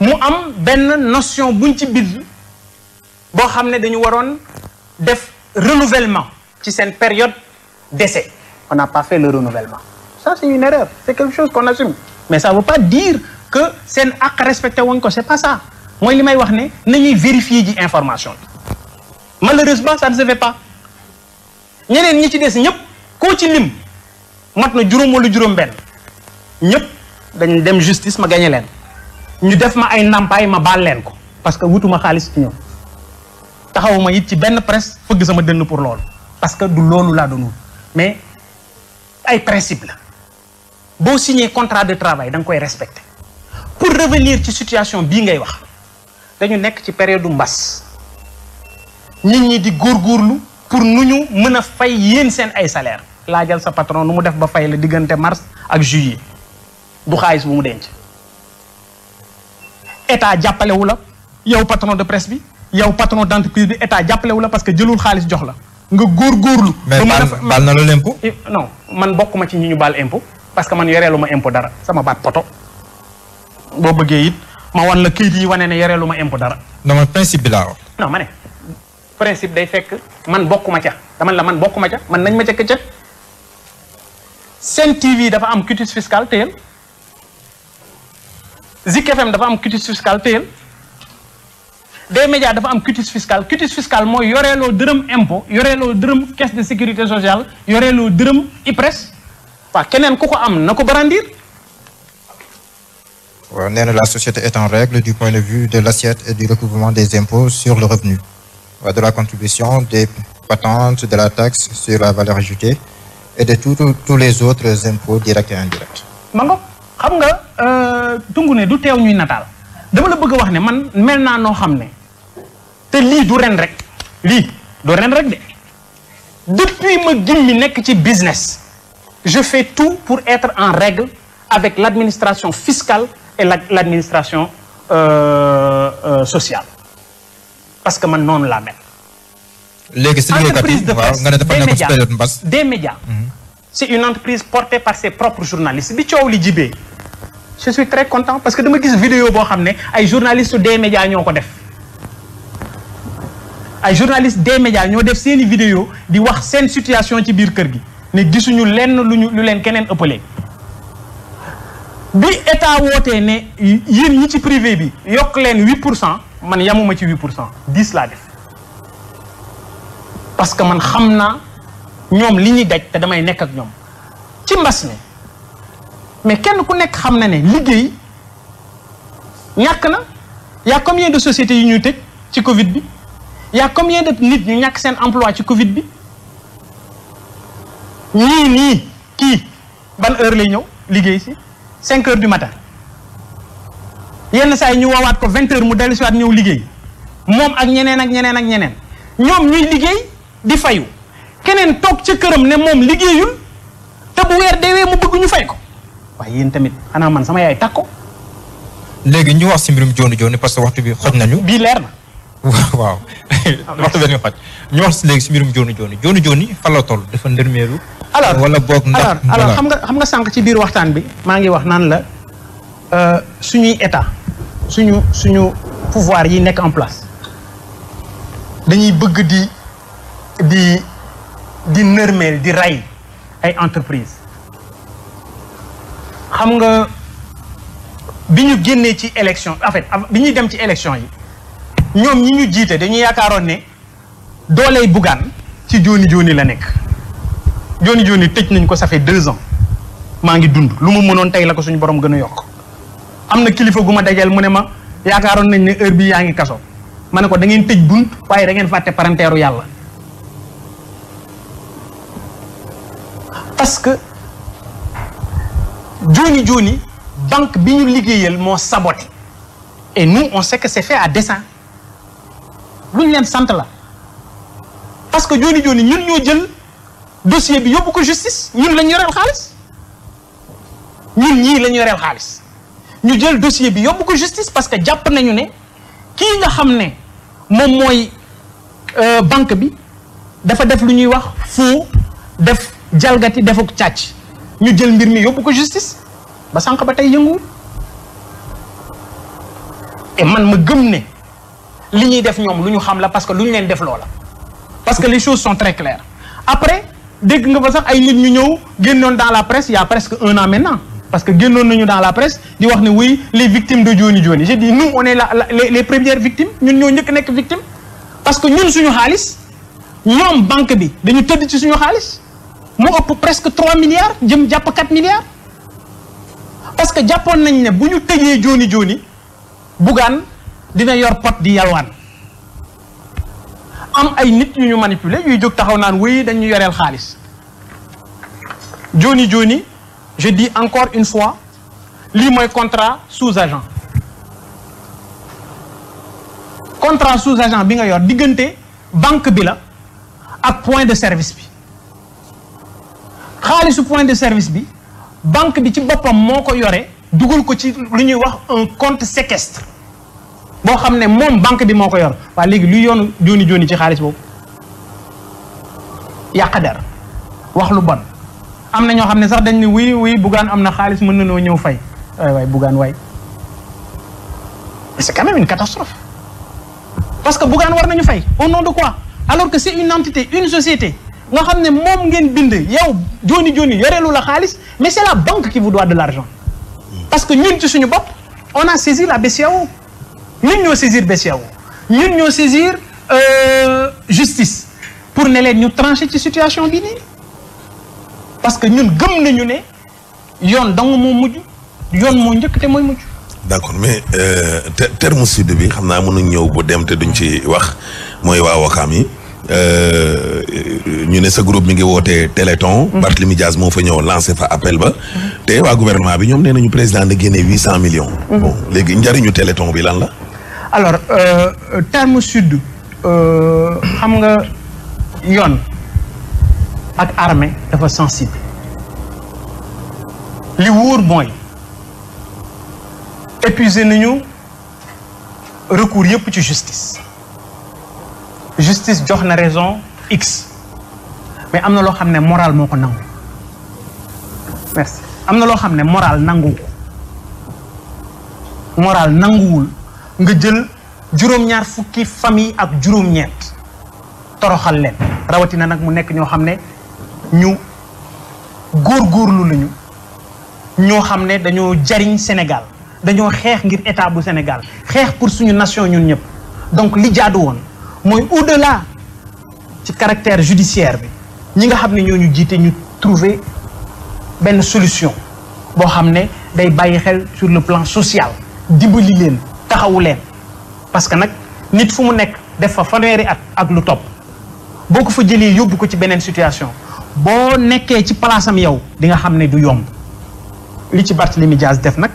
mu am ben notion buñ ci bind boo xam ne dañu waroon def renouvellement ci seen période d'essai on n'a pas fait le renouvellement ça c'est une erreur c'est quelque chose qu'on assume mais ça veut pas dire que seen ak respecté woon ko c' est pas ça mooy li may wax ne nañuy vérifier ji information bi malheureusement ça ne se fait pas ñeneen ñi ci des ñëpp koo ci lim mat na juróom wala juróom-benn ñëpp dañ dem justice ma gañe leen ñu def ma ay ndàmpaay ma baal leen ko parce que wutuma xaalis ci ñoom taxawuma it ci benn presse fëgg sama dënn pour loolu parce que du loolu laa doon wut mais ay principe la boo signé contrat de travail da nga koy respecté pour revenir ci situation bii ngay wax dañu nekk ci période mbas nit ñi di góor góorlu pour nu ñu mën a fay yéen seen ay salaire laajal sa patron nu mu def ba fay la diggante mars ak juillet bu xaalis bu mu denc état jàppalewu la yow patron de presse bi yaw patron d'entreprise bi état jàppalewu la parce que jëlul xaalis jox la nga góor góorgóorlu. mais baal na la l'impôt eh, non man bokkuma ci ñu ñu baal impôt parce que man yoreelu ma impôt dara sama baat poto. boo bëggee it ma wan la këyit yi wane ne yoreelu ma impôt dara. non mais principe bi laa wax. non ma ne principe day fekk man bokkuma ca dama la man bokkuma ca man nañ ma ca këccëg Sen TV dafa am quitus fiscal téyel Zik FM dafa am quitus fiscal téyel des médias dafa am quitus fiscal quitus mooy yoreeloo dërëm impôt yoreeloo dërëm caisse de sécurité sociale yoreeloo dërëm IPRES waa keneen ku ko am na ko brandir waaw la société est en règle du point de vue de l'assiette et du recouvrement des impôts sur le revenu de la contribution des patentes de la taxe sur la valeur ajoutée et de tous les autres impôts directs et indirects. ma nga xam nga euh, tungu du teew ñuy nataal dama la bëgg a wax ne man mel naa noo xam ne te lii du ren rek lii du ren rek depuis ma gimmi nekk ci business je fais tout pour être en règle avec l'administration fiscale et l'administration euh, euh, sociale parce que man noonu laa mel. léegi si entreprise de presse des médias des mhm. médias. c'est une entreprise portée par ses propres journalistes bi coow li jibee je suis très content parce que dama gis vidéo boo xam ne ay journalistes des média ñoo ko def ay journalistes des médias ñoo def seeni vidéo di wax seen situation ci biir kër gi ne gisuñu lenn lu ñu lu leen keneen ëppalee. bi état wootee ne yéen ñi ci privé bi yokk leen huit pour cent man yamuma ci huit pour cent dix laa def parce que man xam naa ñoom li ñuy daj te damay nekk ak ñoom ci mbas mi mais kenn ku nekk xam na ne liggéey ñàkk na y a combien de sociétés yu ñuy tëj ci Covid bi y comme combien de nit ñu ñàkk seen emploi ci Covid bi ñii nii kii ban heure lay ñëw liggéey si. cinq heures du matin yenn saa yi ñu woowaat ko vingt mu dellu siwaat ñëw liggéey moom ak ñeneen ak ñeneen ak ñeneen ñoom ñuy liggéey di fayu keneen toog ci këram ne moom liggéeyul te bu weer deewee mu bëgg ñu fay ko waaye yéen tamit xanaa man sama yaay takko léegi ñu wax si mbirum jooni jooni parce que waxtu bi xoj nañu bii leer na waaw waxtu benn xoj ñu wax si léegi si mbirum jooni jooni jooni jooni fan la toll dafa ndërmeeru alors wala boog ndax alors xam nga xam nga sànq ci biir waxtaan bi maa ngi wax naan la euh, suñuy état suñu suñu pouvoir yi nekk en place dañuy bëgg di di di nërmeel di rey ay entreprise xam nga bi ñu génnee ci élection en fait bi ñuy dem ci élection yi ñoom ñi ñu jiite dañu yaakaaroon ne dooley Bougane ci jooni jooni la nekk jooni jooni tëj nañ ko ça fait deux ans maa ngi dund lu mu mënoon tey la ko suñu borom gën a yokk am na kilifa gu ma dajeel mu ne ma yaakaaroon nañ ne heure bi yaa ngi kaso ma ne ko da ngeen tëj bunt waaye da ngeen fàtte parenteeru yàlla parce que jooni jooni banque bi ñu liggéeyal moo saboté et nous on sait fait à dessein lu luñ leen sant la parce que jooni jooni ñun ñoo jël dossier bi yóbbu ko justice ñun lañu yoreel xaalis ñii lañ ñu jël dossier bi yóbbu ko justice parce que jàpp nañu ne kii nga xam ne moom mooy euh, banque bi dafa def lu ñuy wax foo def jalgati defuk càcc ñu jël mbir mi yóbbu ko justice ba sànq ba tey yënguwul et man ma gëm ne li ñuy def ñoom lu ñu xam la parce que lu ñu leen def loola parce que les choses sont très claires après dégg nga ba sax ay nit ñu ñëw génnoon dans la presse il y a un an maintenant parce que génnoon nañu dans la presse di wax ne oui les victimes de Johnny Johnny j'ai dit nous on est la les les premières victimes ñun ñoo parce que ñun suñu xaalis ñoom banque bi dañu tëdd ci suñu xaalis mu ëpp presque 3 milliards jëm jàpp 4 milliards parce que jàppoon nañ ne bu ñu tëjee Johnny Johnny Bougane dina yor pot di yalwaan am ay nit yu ñu manipuler yuy jóg taxaw naan wéy dañuy yoreel xaalis joni joni je di encore une fois lii mooy contrat sous agent contrat sous agent bi nga yor diggante banque bi la ak point de service bi xaalisu point de service bi banque bi ci boppam moo ko yore dugal ko ci lu ñuy wax un compte séquestre boo xam ne moom banque bi moo ko yor waaye léegi lu yoonu jooni jooni ci xaalis boobu yàq der wax lu bon am na ñoo xam ne sax dañ ne wuy wuy Bougane am na xaalis mën na noo ñëw fay waay waay Bougane waay mais c'est quand même une parce que Bougane war nañu fay au nom de quoi alors que c'est une entité une société nga xam ne moom ngeen bind yow jooni jooni yoreelu la xaalis mais c'est la banque qui vous doit de la l'argent parce que ñun ci suñu bopp on a saisi la BCEAO ñun ñoo saisir BCEAO ñun ñoo saisir euh, justice pour ne leen ñu tranché ci situation bi nii parce que ñun gëm nañu ne yoon dong moo mujj yoon moo njëkk te mooy mujj. d'accord mais euh, terme bi xam naa mun mënuñ ñëw bu dem te duñ ci wax mooy waa Wakaam yi euh, ñu ne sa groupe mi ngi wootee Téléthon. Mm-hmm. Barthélemy Diaz moo fa ñëw lancé fa appel ba. te waa gouvernement bi ñoom nee nañu président de Guinée huit cent millions. Mm-hmm. bon léegi njariñu Téléthon bi lan la. alors euh, terme sud euh, xam nga yoon ak armée dafa sensible li wóor mooy épuisé nañu recours yëpp ci justice justice jox na raison x mais am na loo xam ne moral moo ko nangu am na loo xam ne moral nanguwul moral nanguwul nga jël juróom-ñaar fukki famille ak juróom-ñeent toroxal leen rawatina nag mu nekk ñoo xam ne ñu góor góorlu lañu ñoo xam ne dañoo jariñ Sénégal dañoo xeex ngir état bu Sénégal xeex pour suñu nation ñun ñëpp donc li jaadu woon mooy au-delà ci caractère judiciaire bi ñi nga xam ne ñoo ñu jiite ñu trouver benn solution boo xam ne day bàyyi xel sur le plan social dimbali leen. taxawu leen parce que nag nit fu mu nekk def fa fanweeri at ak lu topp boo ko fa jëlee yóbbu ko ci beneen situation boo nekkee ci palaasam yow di nga xam ne du yomb li ci Barthélemy Dias def nag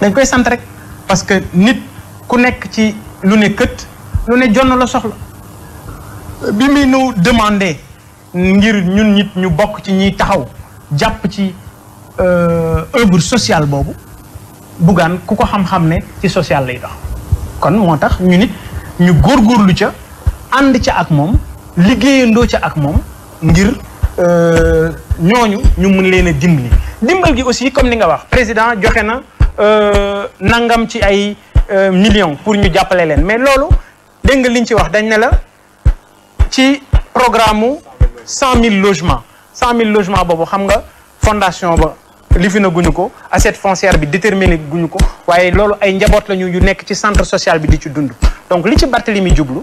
dañ koy sant rek parce que nit ku nekk ci lu ne kët lu ne jonn la soxla bi muy nu demandé ngir ñun nit ñu bokk ci ñiy taxaw jàpp ci euh, œuvre sociale boobu Bougane ku ko xam-xam ne ci social lay dox kon moo tax ñu nit ñu góor góorlu ca ànd ca ak moom liggéeyandoo ca ak moom ngir euh, ñooñu ñu mun leen a dimbali dimbal gi aussi comme li nga wax président joxe na euh, nangam ci ay euh, million pour ñu jàppale leen mais loolu dégg nga liñ ci wax dañ ne la ci programme mu cent mille logements cent mille boobu xam nga fondation ba lifina guñu ko asset foncière bi déterminé guñu ko waaye loolu ay njaboot lañu yu nekk ci centre social bi di ci dund donc li ci Barthélemy jublu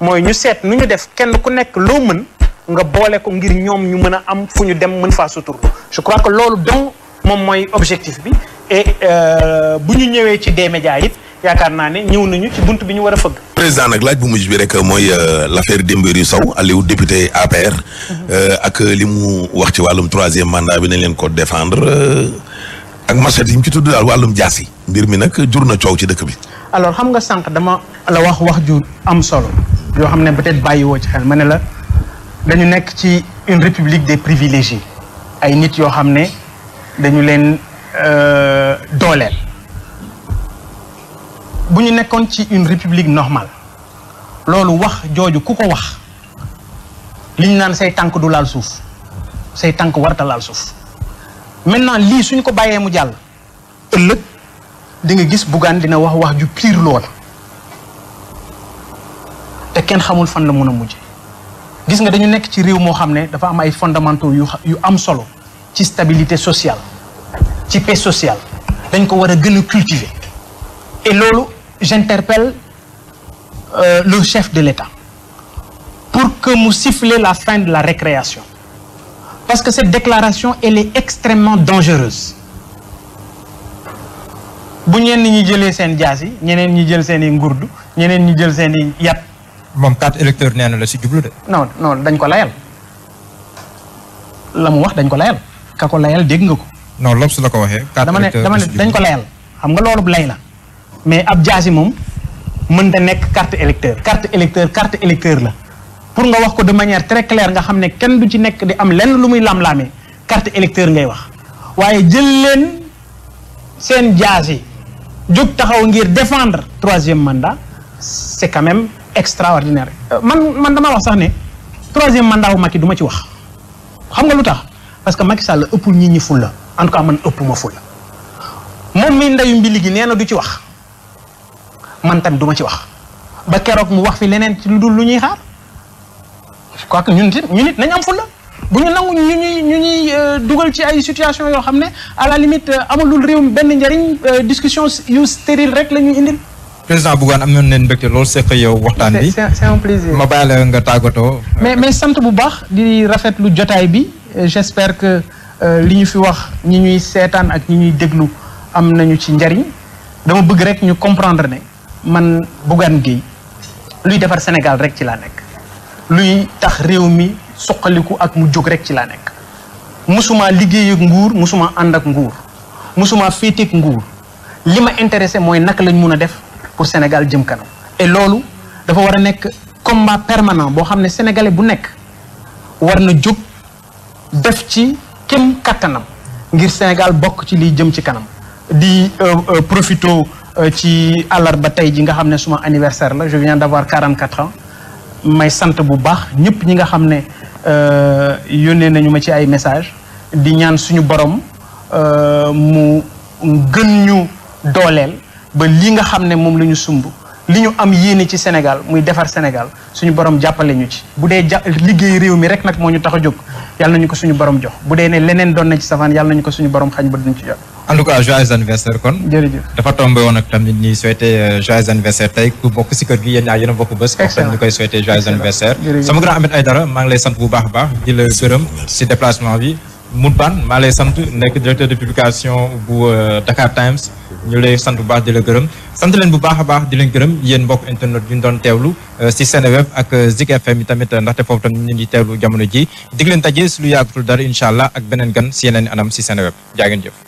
mooy ñu seet nu ñu def kenn ku nekk loo mën nga boole ko ngir ñoom ñu mën a am fu ñu dem mën faa sutur je crois que loolu donc moom mooy objectif bi et euh, bu ñu ñëwee ci des médias it yaakaar naa ne ñëw nañu ci bunt bi ñu war a fëgg. président nag laaj bu mujj bi rek mooy euh, l' affaire Dembourou Sow Aliou député APR. Euh, ak euh, li mu wax ci wàllum troisième mandat bi nañ leen ko défendre ak machette yi mu ci tudd daal wàllum jaas yi mbir mi nag jur na coow ci dëkk bi. alors xam nga sànq dama la wax wax jur am solo yoo xam ne peut-être woo ci xel ma ne la dañu nekk ci une république des privilégiés ay nit yoo xam ne dañu leen dooleel. bu ñu nekkoon ci une république normale loolu wax jooju ku ko wax li ñu naan say tànk du laal suuf say tànk warta laal suuf maintenant lii suñ ko bàyyee mu jàll ëllëg di nga gis Bougane dina wax wax ju pire lool te kenn xamul fan la mën a mujj gis nga dañu nekk ci réew moo xam ne dafa am ay fondamentaux yu yu am solo ci stabilité sociale ci paix sociale dañ ko war a gën a cultiver et loolu j'interpelle euh, le chef de l'État pour que mu siffler la fin de la récréation. Parce que cette déclaration, elle est extrêmement dangereuse. bu ñenn ñi jëlee seen jaas yi ñeneen ñi jël seen i ngurdu ñeneen ñi jël seen yat yàpp. moom carte électeur nee na la si jublu de. non non dañ ko layal la mu wax dañ ko layal ka ko layal dégg nga ko. non lobs la ko waxee. carte électeur ne dama ne dañ ko layal xam nga loolu lay la. mais ab jaasi moom mën da nekk carte électeur carte électeur carte électeur la pour nga wax ko de manière très claire nga xam ne kenn du ci nekk di am lenn lu muy lam-laamee carte électeur ngay wax waaye jël leen seen jaasi jóg taxaw ngir defendre troisième mandat c'est quand même extraordinaire euh, man man damaa wax sax ne troisième mandat ma ki du ma ci wax xam nga lu tax parce que Macky Sall ëppul ñii ñi ful la tout cas man ëpp ma la moom mi ndeyu mbili gi nee na du ci wax man tamit du ci wax ba keroog mu wax fi leneen ci lu dul lu ñuy xaar je crois que ñun it ñun it nañ am la bu ñu nangu ñu ñuy ñu ñuy euh, dugal ci ay situation yoo xam ne à la limite euh, amalul réew mi benn njariñ euh, discussion yu stérile rek la ñuy indil. président Bougane am nañu leen mbégte lool seq yow waxtaan bi c'est un plaisir la nga tàggatoo. mais mais sant bu baax di rafetlu jotaay bi j'espère que li ñu fi wax ñi ñuy seetaan ak ñi ñuy déglu am nañu ci njariñ dama bëgg rek ñu comprendre ne. man Bougane Gueye luy defar Sénégal rek ci laa nekk luy tax réew mi suqaliku ak mu jóg rek ci laa nekk musuma liggéey ak nguur musuma ànd ak nguur musuma féeteeg nguur li ma intéressé mooy naka lañ mun a def pour Sénégal jëm kanam et loolu dafa war a nekk combat permanent boo xam ne sénégalais bu nekk war na jóg def ci kem kattanam ngir Sénégal bokk ci liy jëm ci kanam di euh, euh, profito Euh, ci àllarba tey ji nga xam ne suma anniversaire la je viens d'avoir 44 ans may sant bu baax ñëpp ñi nga xam ne euh, yónnee nañu ma ci ay message di ñaan suñu borom euh, mu gën ñu dooleel ba lii nga xam ne moom la ñu sumb li ñu am yéene ci Sénégal muy defar Sénégal suñu borom jàppale ñu ci bu dee ja liggéey réew mi rek nag moo ñu tax a jóg yàlla ñu ko suñu borom jox bu dee ne leneen doon na ci safaan yàlla nañu ko suñu borom xañ ba duñ ci jot en tout cas joyeux anniversaire kon. jërëjëf dafa tombé woon ak tamit ñuy souhaité euh, joyeux anniversaire tey ku bokk si kër gi yéen ñaar yéen a bokk bés. excellent ñu koy souhaité joyeux anniversaire. sama grand Ahmed Aïdara maa ngi lay sant bu baax a baax di la gërëm si déplacement bi. Moutbane maa lay sant nekk directeur de publication bu euh, Dakar Times ñu lay sant bu baax di la gërëm sant leen bu baax a baax di leen gërëm yéen mbokk internet yu ñu doon teewlu si euh, Seneweb ak Zik FM yi tamit ndaxte foofu tamit ñu ngi teewlu jamono ji dig leen tajee si lu yàggatul dara incha allah ak beneen gan si yeneen anam si Seneweb jaa ngeen